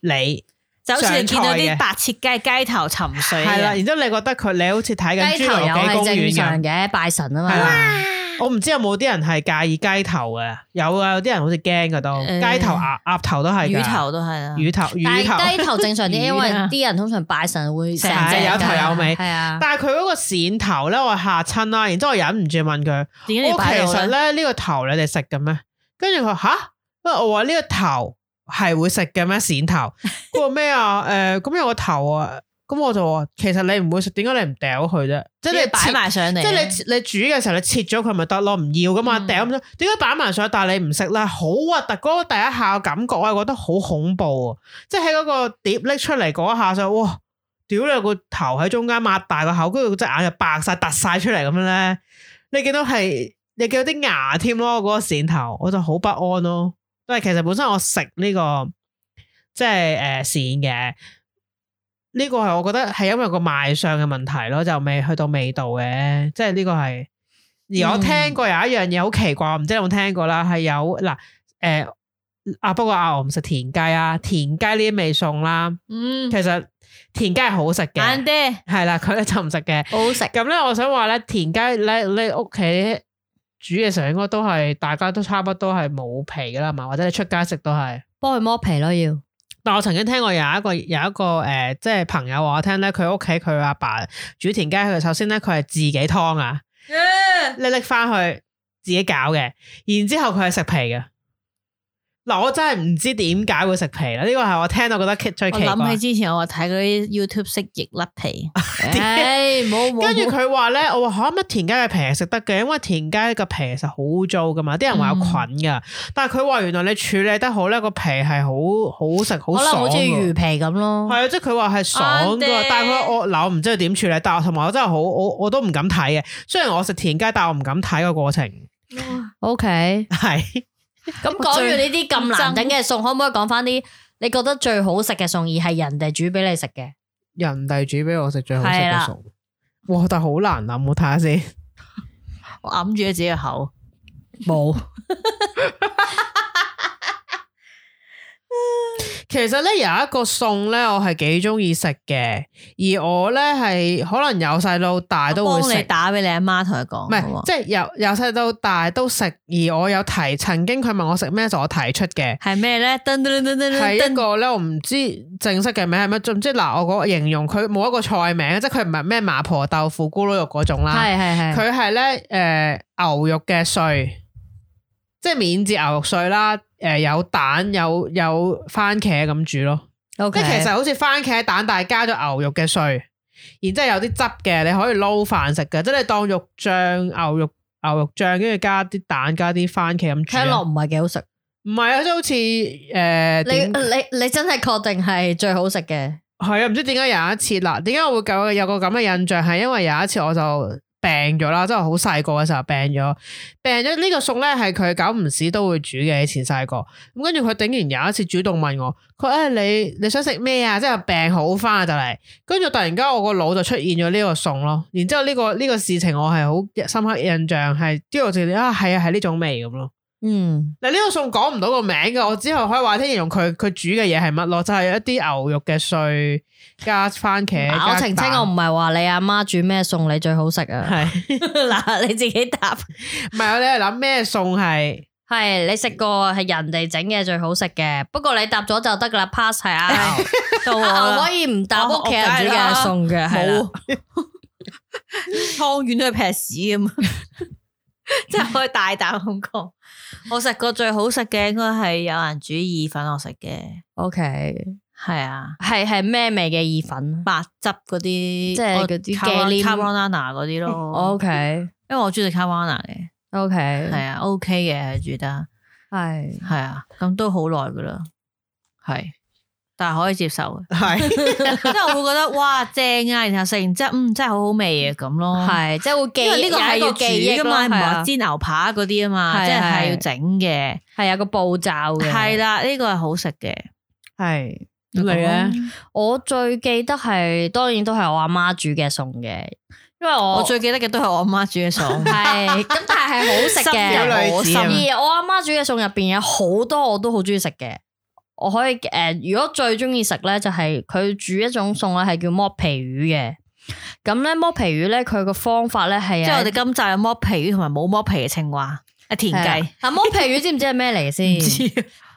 你， <laughs> 就好似你見到啲白切雞雞頭沉睡。係啦，然之後你覺得佢，你好似睇緊侏羅紀公園嘅拜神啊嘛。的我唔知有冇啲人係介意雞頭嘅，有啊，有啲人好似驚㗎都雞頭鴨鴨頭都係、呃，魚頭都係啊，魚頭魚頭。但係雞頭正常啲， <laughs> 因為啲人通常拜神會成隻雞有頭有尾，係啊。但係佢嗰個鱔頭咧，我吓親啦。然之後我忍唔住問佢：，我其實咧呢個頭你哋食嘅咩？跟住佢嚇，我話呢個頭係會食嘅咩？鱔頭，佢話咩啊？誒、呃，咁有個頭啊。咁我就話，其實你唔會食，點解你唔掉佢啫？即係擺埋上嚟，即係你你煮嘅時候，你切咗佢咪得咯？唔要㗎嘛，嗯、掉咁樣。點解擺埋上去？但係你唔食咧，好核突！嗰、嗰個第一下感覺，我係覺得好恐怖。啊。即係喺嗰個碟拎出嚟嗰一下就，哇！屌你個頭喺中間擘大個口，跟住嗰隻眼就白晒突晒出嚟咁樣咧。你見到係你見到啲牙添咯，嗰、嗰個線頭，我就好不安咯。因為其實本身我食呢、呢個即係誒線嘅。呃呢個係我覺得係因為個賣相嘅問題咯，就未去到味道嘅，即係呢個係。而我聽過有一樣嘢好奇怪，唔知你有冇聽過啦，係有嗱誒、呃、啊，不過阿我唔食田雞啊，田雞呢啲味餸啦，嗯，其實田雞係好食嘅，係啦爹，佢咧就唔食嘅，好食。咁咧我想話咧，田雞咧你屋企煮嘅時候應該都係大家都差不多係冇皮噶啦嘛，或者你出街食都係幫佢剝皮咯要。但我曾經聽過有一個有一個誒、呃，即係朋友話我聽咧，佢屋企佢阿爸、爸煮田雞，佢首先咧佢係自己劏㗎，拎拎翻去自己搞嘅，然之後佢係食皮嘅。嗱，我真係唔知點解會食皮啦！呢、呢個係我聽到覺得最奇。諗起之前我睇嗰啲 YouTube 食翼甩皮，誒 <laughs> 麼，冇跟住佢話咧，我話吓乜田雞嘅皮係食得嘅？因為田雞個皮其實好污糟噶嘛，啲人話有菌噶。嗯、但係佢話原來你處理得好咧，個皮係好、嗯、好食，好爽。好似魚皮咁咯。係、就是、啊，即係佢話係爽噶，但係我我嗱，我唔、呃、知佢點處理。但係同埋我真係好，我我都唔敢睇嘅。雖然我食田雞，但係我唔敢睇個過程。OK 係。Okay <laughs> 咁講完呢啲咁難頂嘅餸，可唔可以講返啲你覺得最好食嘅餸，而係人哋煮俾你食嘅？人哋煮俾我食最好食嘅餸。了哇！但係好難諗，我睇下先。 <laughs> 我揞住自己嘅口。冇有。 <laughs> <laughs> 其實咧有一個餸咧，我係幾中意食嘅，而我咧係可能由細到大都會食。打俾你阿媽，同佢講，唔係吧即係由由細到大都食。而我有提，曾經佢問我食咩，就我提出嘅係咩咧？係一個咧，我唔知正式嘅名係咩，總之嗱，我講形容佢冇一個菜名，即係佢唔係咩麻婆豆腐、咕嚕肉嗰種啦。係係係，佢係咧誒牛肉嘅碎。即係免治牛肉碎啦，誒、呃、有蛋有有番茄咁煮咯。Okay. 即係其實好似番茄蛋，但係加咗牛肉嘅碎，然之後有啲汁嘅，你可以撈飯食嘅，即係你當肉醬牛肉牛肉醬，跟住加啲蛋加啲番茄咁煮。聽落唔係幾好食。唔係啊，即係好似誒、呃你樣。你你你真係確定係最好食嘅？係啊，唔知點解有一次啦，點解我會咁有個咁嘅印象係因為有一次我就。病咗啦，即係好細個嘅時候病咗，病咗呢、這個餸咧係佢久唔屎都會煮嘅以前細個，咁跟住佢竟然有一次主動問我，佢誒、哎、你你想食咩啊？即係病好翻就嚟，跟住突然間我個腦就出現咗呢個餸咯，然之後呢、這個呢、這個事情我係好深刻印象，係之後直啊係啊係呢、啊、種味咁咯。嗯，嗱呢個餸講唔到個名噶，我之後可以話聽形容佢佢煮嘅嘢係乜咯，就係、是、一啲牛肉嘅碎加番茄。明蛋我澄清，清，我唔係話你阿媽煮咩餸你最好食啊，係嗱是 <laughs> 你自己答，唔係我哋係諗咩餸係係你食過係人哋整嘅最好食嘅，不過你答咗就得啦，pass 係啊，可以唔答屋企人煮嘅餸嘅，係啦，湯圓都係劈屎咁啊，即 <laughs> 係可以大膽咁講。我食過最好食嘅，應該係有人煮意粉我食嘅。O K，係啊，係係咩味嘅意粉？白汁嗰啲，即係嗰啲卡瓦納嗰啲咯。O K，因為我中意食卡瓦納嘅。O K，係啊，O K 嘅煮得係係啊，咁都好耐噶啦，係。但係可以接受嘅，即係我會覺得哇正啊！然後食完之後，嗯，真係好好味啊咁咯，係即係會記得，呢個係要記憶噶嘛，唔係煎牛扒嗰啲啊嘛，即係要整嘅，係有個步驟嘅，係啦，呢個係好食嘅，係咪啊？我最記得係當然都係我阿媽煮嘅餸嘅，因為我最記得嘅都係我阿媽煮嘅餸，係咁但係係好食嘅，好意我阿媽煮嘅餸入邊有好多我都好中意食嘅。我可以誒、呃，如果最中意食咧，就係、是、佢煮一種餸咧，係叫剝皮魚嘅。咁咧剝皮魚咧，佢個方法咧係即係我哋今集有剝皮魚同埋冇剝皮嘅青蛙啊、田雞。嚇剝、啊、皮魚 <laughs> 知唔知係咩嚟先？唔知。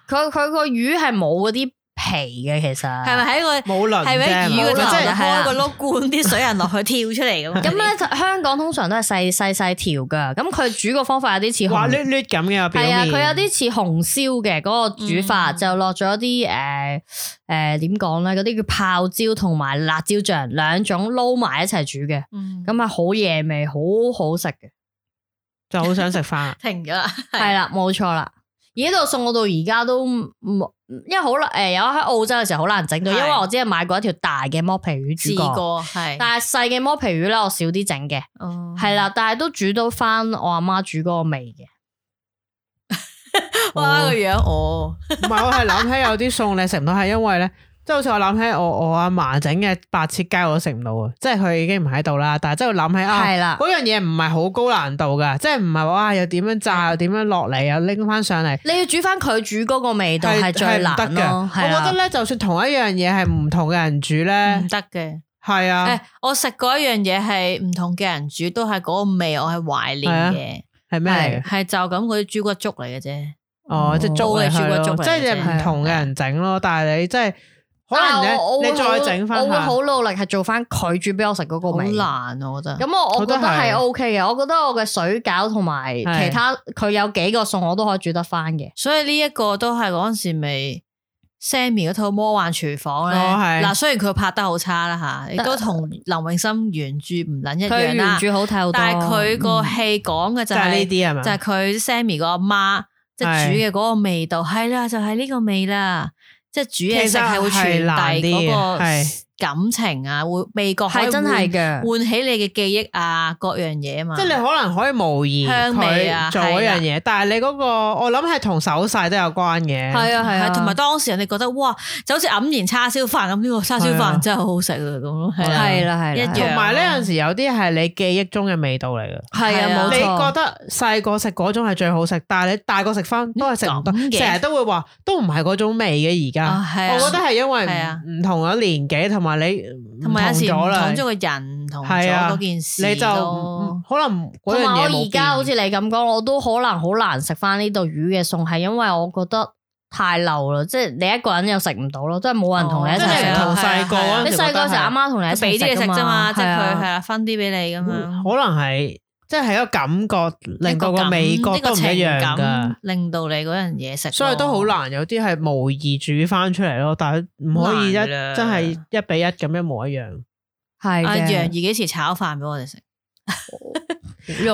佢佢個魚係冇嗰啲。皮嘅其實係咪喺個冇輪啫？係咪魚個頭就開個碌罐啲水入落去跳出嚟咁？咁咧，香港通常都係細細細條噶。咁佢煮個方法有啲似滑略略咁嘅表面。係啊，佢有啲似紅燒嘅嗰個煮法，就落咗啲誒誒，點講咧？嗰啲叫泡椒同埋辣椒醬兩種撈埋一齊煮嘅。咁係好嘢味，好好食嘅。就好想食飯。停咗，係啦，冇錯啦。而呢道餸我到而家都冇。因為好難誒，有喺澳洲嘅時候好難整到，因為我只係買過一條大嘅剝皮魚煮過，係、嗯，但係細嘅剝皮魚咧，我少啲整嘅，係啦，但係都煮到翻我阿媽煮嗰個味嘅，哇個樣，哦，唔係，我係諗起有啲餸， <laughs> 你食唔到，係 <laughs> 因為咧。即係好似我諗起我我阿嫲整嘅白切雞我都食唔到啊！即係佢已經唔喺度啦，但係真係諗起啊，嗰樣嘢唔係好高難度噶，即係唔係哇又點樣炸又點樣落嚟，又拎翻上嚟，你要煮翻佢煮嗰個味道係最難得㗎。我覺得咧，就算同一樣嘢係唔同嘅人煮咧，唔得嘅，係啊。誒，我食過一樣嘢係唔同嘅人煮，都係嗰個味，我係懷念嘅，係咩？係就咁嗰啲豬骨粥嚟嘅啫。哦，即係豬骨粥，即係唔同嘅人整咯，但係你即係。可能我，你再整翻，我會好努力係做翻佢煮俾我食嗰個味好難啊，我覺得。咁我我覺得係 O K 嘅，我覺得我嘅水餃同埋其他佢有幾個餸，我都可以煮得翻嘅。所以呢一個都係嗰陣時咪 Sammy 嗰套《魔幻廚房》咧。嗱，雖然佢拍得好差啦吓，亦都同林永欣原著唔捻一樣啦。原著好睇好多但係佢個戲講嘅就係呢啲係咪？就係佢 Sammy 個阿媽即係煮嘅嗰個味道，係啦，就係呢個味啦。即係煮嘢食係會傳遞嗰個。感情啊，會味覺係真係嘅，喚起你嘅記憶啊，各樣嘢啊嘛。即係你可能可以模擬，香味啊，做嗰樣嘢。但係你嗰個，我諗係同手勢都有關嘅。係啊係啊，同埋當時人哋覺得哇，就好似黯然叉燒飯咁，呢個叉燒飯真係好好食啊咁咯。係啦係啦，同埋呢陣時有啲係你記憶中嘅味道嚟嘅。係啊冇是、啊啊、錯，你覺得細個食嗰種係最好食，但係你大個食翻都係食唔到，成日、啊啊、都會話都唔係嗰種味嘅而家。我覺得係因為唔同嘅年紀同。同埋你，同埋有時唔同咗個人，同咗件事咯。可能同埋我而家好似你咁講，我都可能好難食翻呢度魚嘅餸，係因為我覺得太陋啦。即係你一個人又食唔到咯，即係冇人同你一齊食。同細個，你細個嗰時候，阿媽同你一齊俾啲嘢食啫嘛，即係佢係啦，分啲俾你噉樣。可能係。即係一個感覺，令到個味覺都唔一樣噶，令到你嗰樣嘢食。所以都好難，有啲係模擬煮翻出嚟咯，但係唔可以一了真係一比一咁樣一模一樣。係阿楊儀幾時炒飯俾我哋食？ <laughs>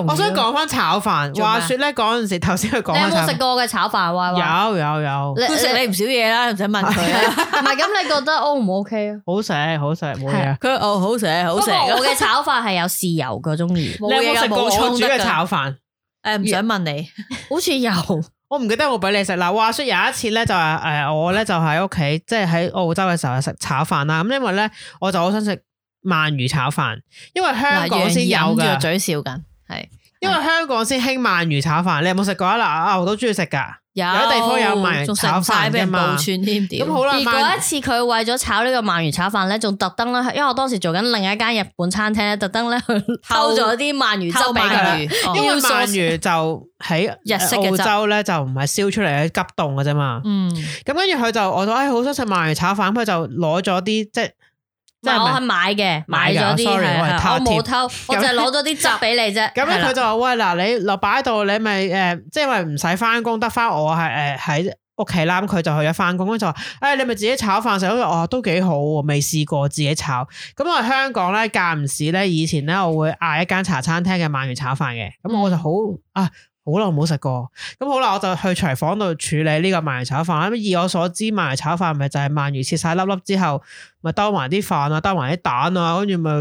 我想講翻炒飯。話說咧，嗰陣時頭先佢講，你有冇食過嘅炒飯？有有有，食你唔少嘢啦，唔使問佢。咁你覺得 O 唔 O K 啊？好食好食冇嘢，佢哦好食好食。不過我嘅炒飯係有豉油噶，中意。你有冇食過煮嘅炒飯？誒，唔想問你，好似有。我唔記得我俾你食嗱。話說有一次咧，就係誒我咧就喺屋企，即係喺澳洲嘅時候食炒飯啦。咁因為咧，我就好想食鰻魚炒飯，因為香港先有噶。嘴笑緊。係，因為香港先興鰻魚炒飯，你有冇食過啊？嗱、哦，我都中意食噶，有,有地方有鰻魚炒飯噶嘛，咁好啦。而嗰一次佢為咗炒呢個鰻魚炒飯咧，仲特登咧，因為我當時做緊另一間日本餐廳咧，特登咧去偷咗啲鰻魚，偷鰻魚，因為鰻魚就喺日式嘅洲咧就唔係燒出嚟急凍嘅啫嘛。嗯，咁跟住佢就，我就好想食鰻魚炒飯，佢就攞咗啲即係。即我係買嘅，買咗啲係啊，我冇是偷，的我 <laughs> 就係攞咗啲汁俾你啫。咁咧佢就話喂嗱，你留擺喺度，你咪誒、呃，即係唔使返工，得返我係誒喺屋企啦。佢就去咗返工，就話誒，你咪自己炒飯食。咁、啊、我都幾好，未試過自己炒。咁我香港咧間唔時咧，以前咧我會嗌一間茶餐廳嘅鰻魚炒飯嘅。咁我就好啊。好耐冇食過，咁好啦，我就去廚房度處理呢個鰻魚炒飯。咁以我所知，鰻魚炒飯咪就係鰻魚切晒粒粒之後，咪兜埋啲飯啊，兜埋啲蛋啊，跟住咪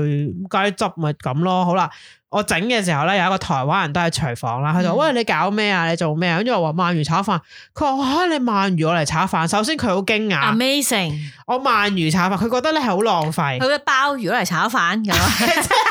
加啲汁，咪咁咯。好啦，我整嘅時候咧，有一個台灣人都喺廚房啦，佢就喂、嗯、你搞咩啊？你做咩？跟住我話鰻魚炒飯，佢話哇，你鰻魚我嚟炒飯？首先佢好驚訝，amazing，我鰻魚炒飯，佢覺得咧係好浪費，佢嘅鮑魚我嚟炒飯㗎？ <laughs> <laughs>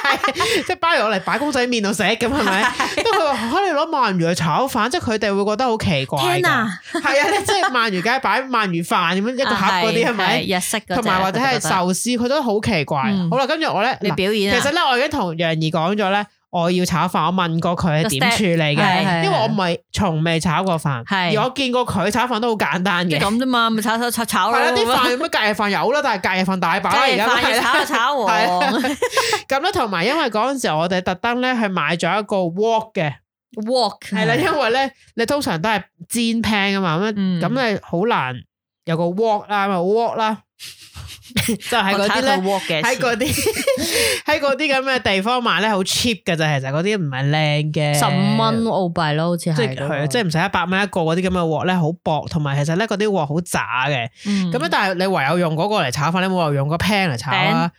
即係 <laughs> 包住我嚟擺公仔麵度食咁係咪？都佢話可你攞鰻魚去炒飯，即係佢哋會覺得好奇怪。係天啊， <laughs> 即係鰻魚街擺鰻魚飯咁樣一個盒嗰啲係咪？是是日式，同埋或者係壽司，佢都好奇怪。嗯、好啦，跟住我咧，你表演、啊、其實咧，我已經同楊怡講咗咧。我要炒飯，我問過佢係點處理嘅，因為我唔係從未炒過飯，的而我見過佢炒飯都好簡單嘅，咁啫嘛，咪炒炒炒炒咯。係啦，啲飯乜隔夜飯有啦，但係隔夜飯大把啦，隔夜飯炒就炒黃。咁啦，同埋因為嗰陣時候我哋特登咧係買咗一個 wok 嘅 wok，係啦，因為咧你通常都係煎 pan 啊嘛，咁你好難有個 wok 啦，咪 wok 啦。 <laughs> 就係嗰啲鑊嘅，喺嗰啲，喺嗰啲咁嘅地方買咧，好 cheap 噶咋，其實嗰啲唔係靚嘅，十蚊澳幣咯，好似係，即係唔使一百蚊一個嗰啲咁嘅鑊咧，好薄，同埋其實咧嗰啲鑊好渣嘅，咁樣、嗯、但係你唯有用嗰個嚟炒飯咧，冇有,唯有用個 pan 嚟炒啦、啊，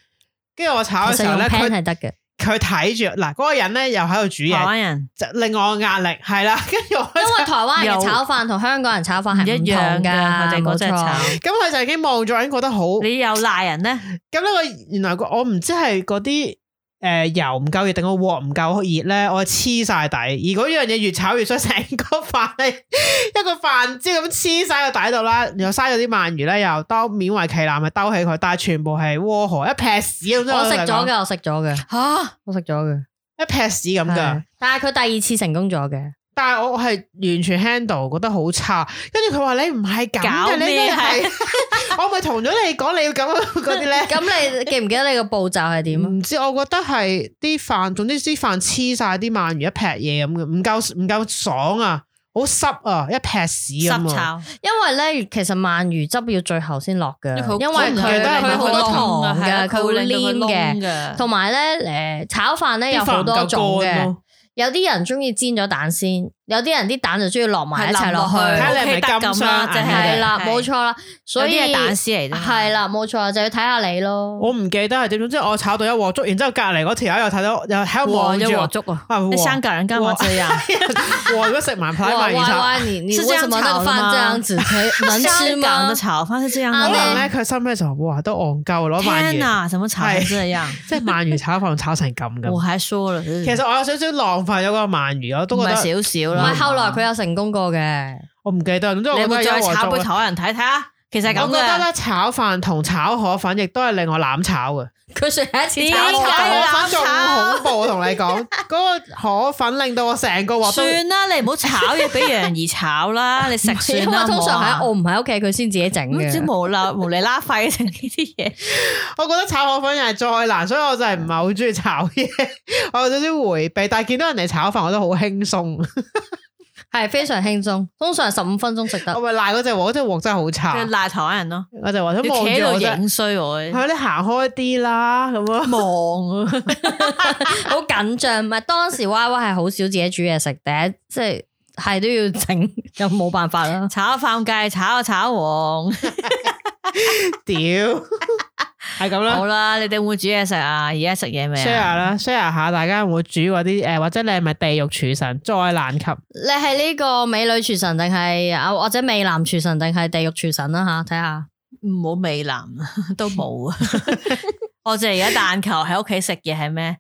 跟住盤我炒嘅時候咧，佢係得嘅。佢睇住嗱嗰個人咧，又喺度煮嘢，台灣人就另外壓力係啦，跟住因為台灣嘅炒飯同香港人炒飯係唔同㗎，我哋嗰隻炒，咁佢錯錯就已經望咗，已經覺得好，你又賴人咧，咁呢個原來我唔知係嗰啲。誒、呃，油唔夠熱定個鑊唔夠熱咧，我黐晒底。而嗰樣嘢越炒越衰，成個飯係 <laughs> 一個飯即係咁黐晒個底度啦，然後嘥咗啲鰻魚啦，又都勉為其難咪兜起佢，但係全部係窩河一撇屎咁。我食咗嘅，我食咗嘅。吓，我食咗嘅，一撇屎咁嘅。但係佢第二次成功咗嘅。但係我係完全 handle 覺得好差， <laughs> 跟住佢話你唔係咁嘅，你係我咪同咗你講你要咁樣嗰啲咧。咁 <laughs> 你記唔記得你個步驟係點？唔 <laughs> 知，我覺得係啲飯，總之啲飯黐晒啲鰻魚一劈嘢咁嘅，唔夠唔夠爽啊，好濕啊，一劈屎咁啊。炒因為咧，其實鰻魚汁要最後先落嘅，因為佢佢好多糖嘅，佢會黏嘅，同埋咧，誒炒飯咧有好多種嘅。有啲人鍾意煎咗蛋先。有啲人啲蛋就中意落埋一齊落去，睇你係咪撳就係啦，冇錯啦。所以蛋嚟，係啦，冇錯，就要睇下你咯。我唔記得係點，即係我炒到一鑊粥，然之後隔離嗰條友又睇到又喺度望住一鑊粥啊！你生隔兩間萬歲啊！哇，都食埋炒飯，是這樣子，佢唔吃冇得炒飯，係這樣的。咧佢心入就話：哇，都戇鳩攞鰻魚。天啊！怎麼炒成這樣？即係鰻魚炒飯炒成咁嘅。其實我有少少浪費咗個鰻魚，我都覺得少少唔係，後來佢有成功過嘅。我唔記得。咁你有冇再炒杯台人睇睇啊？其實咁我覺得咧，炒飯同炒河粉亦都係令我攬炒嘅。佢上一次炒，炒河粉，仲恐怖，同 <laughs> 你講嗰、嗰個河粉令到我成個鑊算啦。你唔好炒嘢，俾人易炒啦。 <laughs> 你食算啦。通常喺我唔喺屋企，佢先自己整嘅。無啦無厘啦廢嘅呢啲嘢，我覺得炒河粉又係再難，所以我就係唔係好中意炒嘢。我有啲少回避，但係見到人哋炒飯，我都好輕鬆。 <laughs> 係非常輕鬆，通常十五分鐘食得。我咪瀨嗰隻鑊，嗰隻鑊真係好差。瀨台灣人咯、啊，我就話咁影衰我啫。係、 <laughs> 啊、你行開啲啦，咁啊望好緊張。唔係 <laughs> <laughs> 當時 Y Y 係好少自己煮嘢食，第一即係係都要整，就冇辦法啦。 <laughs> 炒飯計炒下炒黃，屌！ <laughs> <laughs> 係咁啦。好啦，你哋會煮嘢食啊？而家食嘢未？share 啦，share 下，下大家會煮嗰啲誒，或者你係咪地獄廚神再難及？你係呢個美女廚神定係啊？或者美男廚神定係地獄廚神啦、啊、吓？睇下。唔好美男，都冇。 <laughs> 我哋而家但求喺屋企食嘢係咩？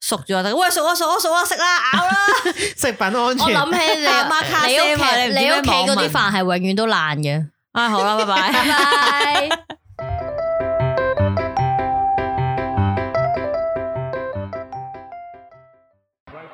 熟咗，喂熟啊熟啊熟啊食啦咬啦。 <laughs> 食品安全。我諗起你阿媽喺屋企， <laughs> 你屋企嗰啲飯係永遠都爛嘅。啊、 <laughs> <laughs> 哎、好啦，拜拜。拜。 <laughs>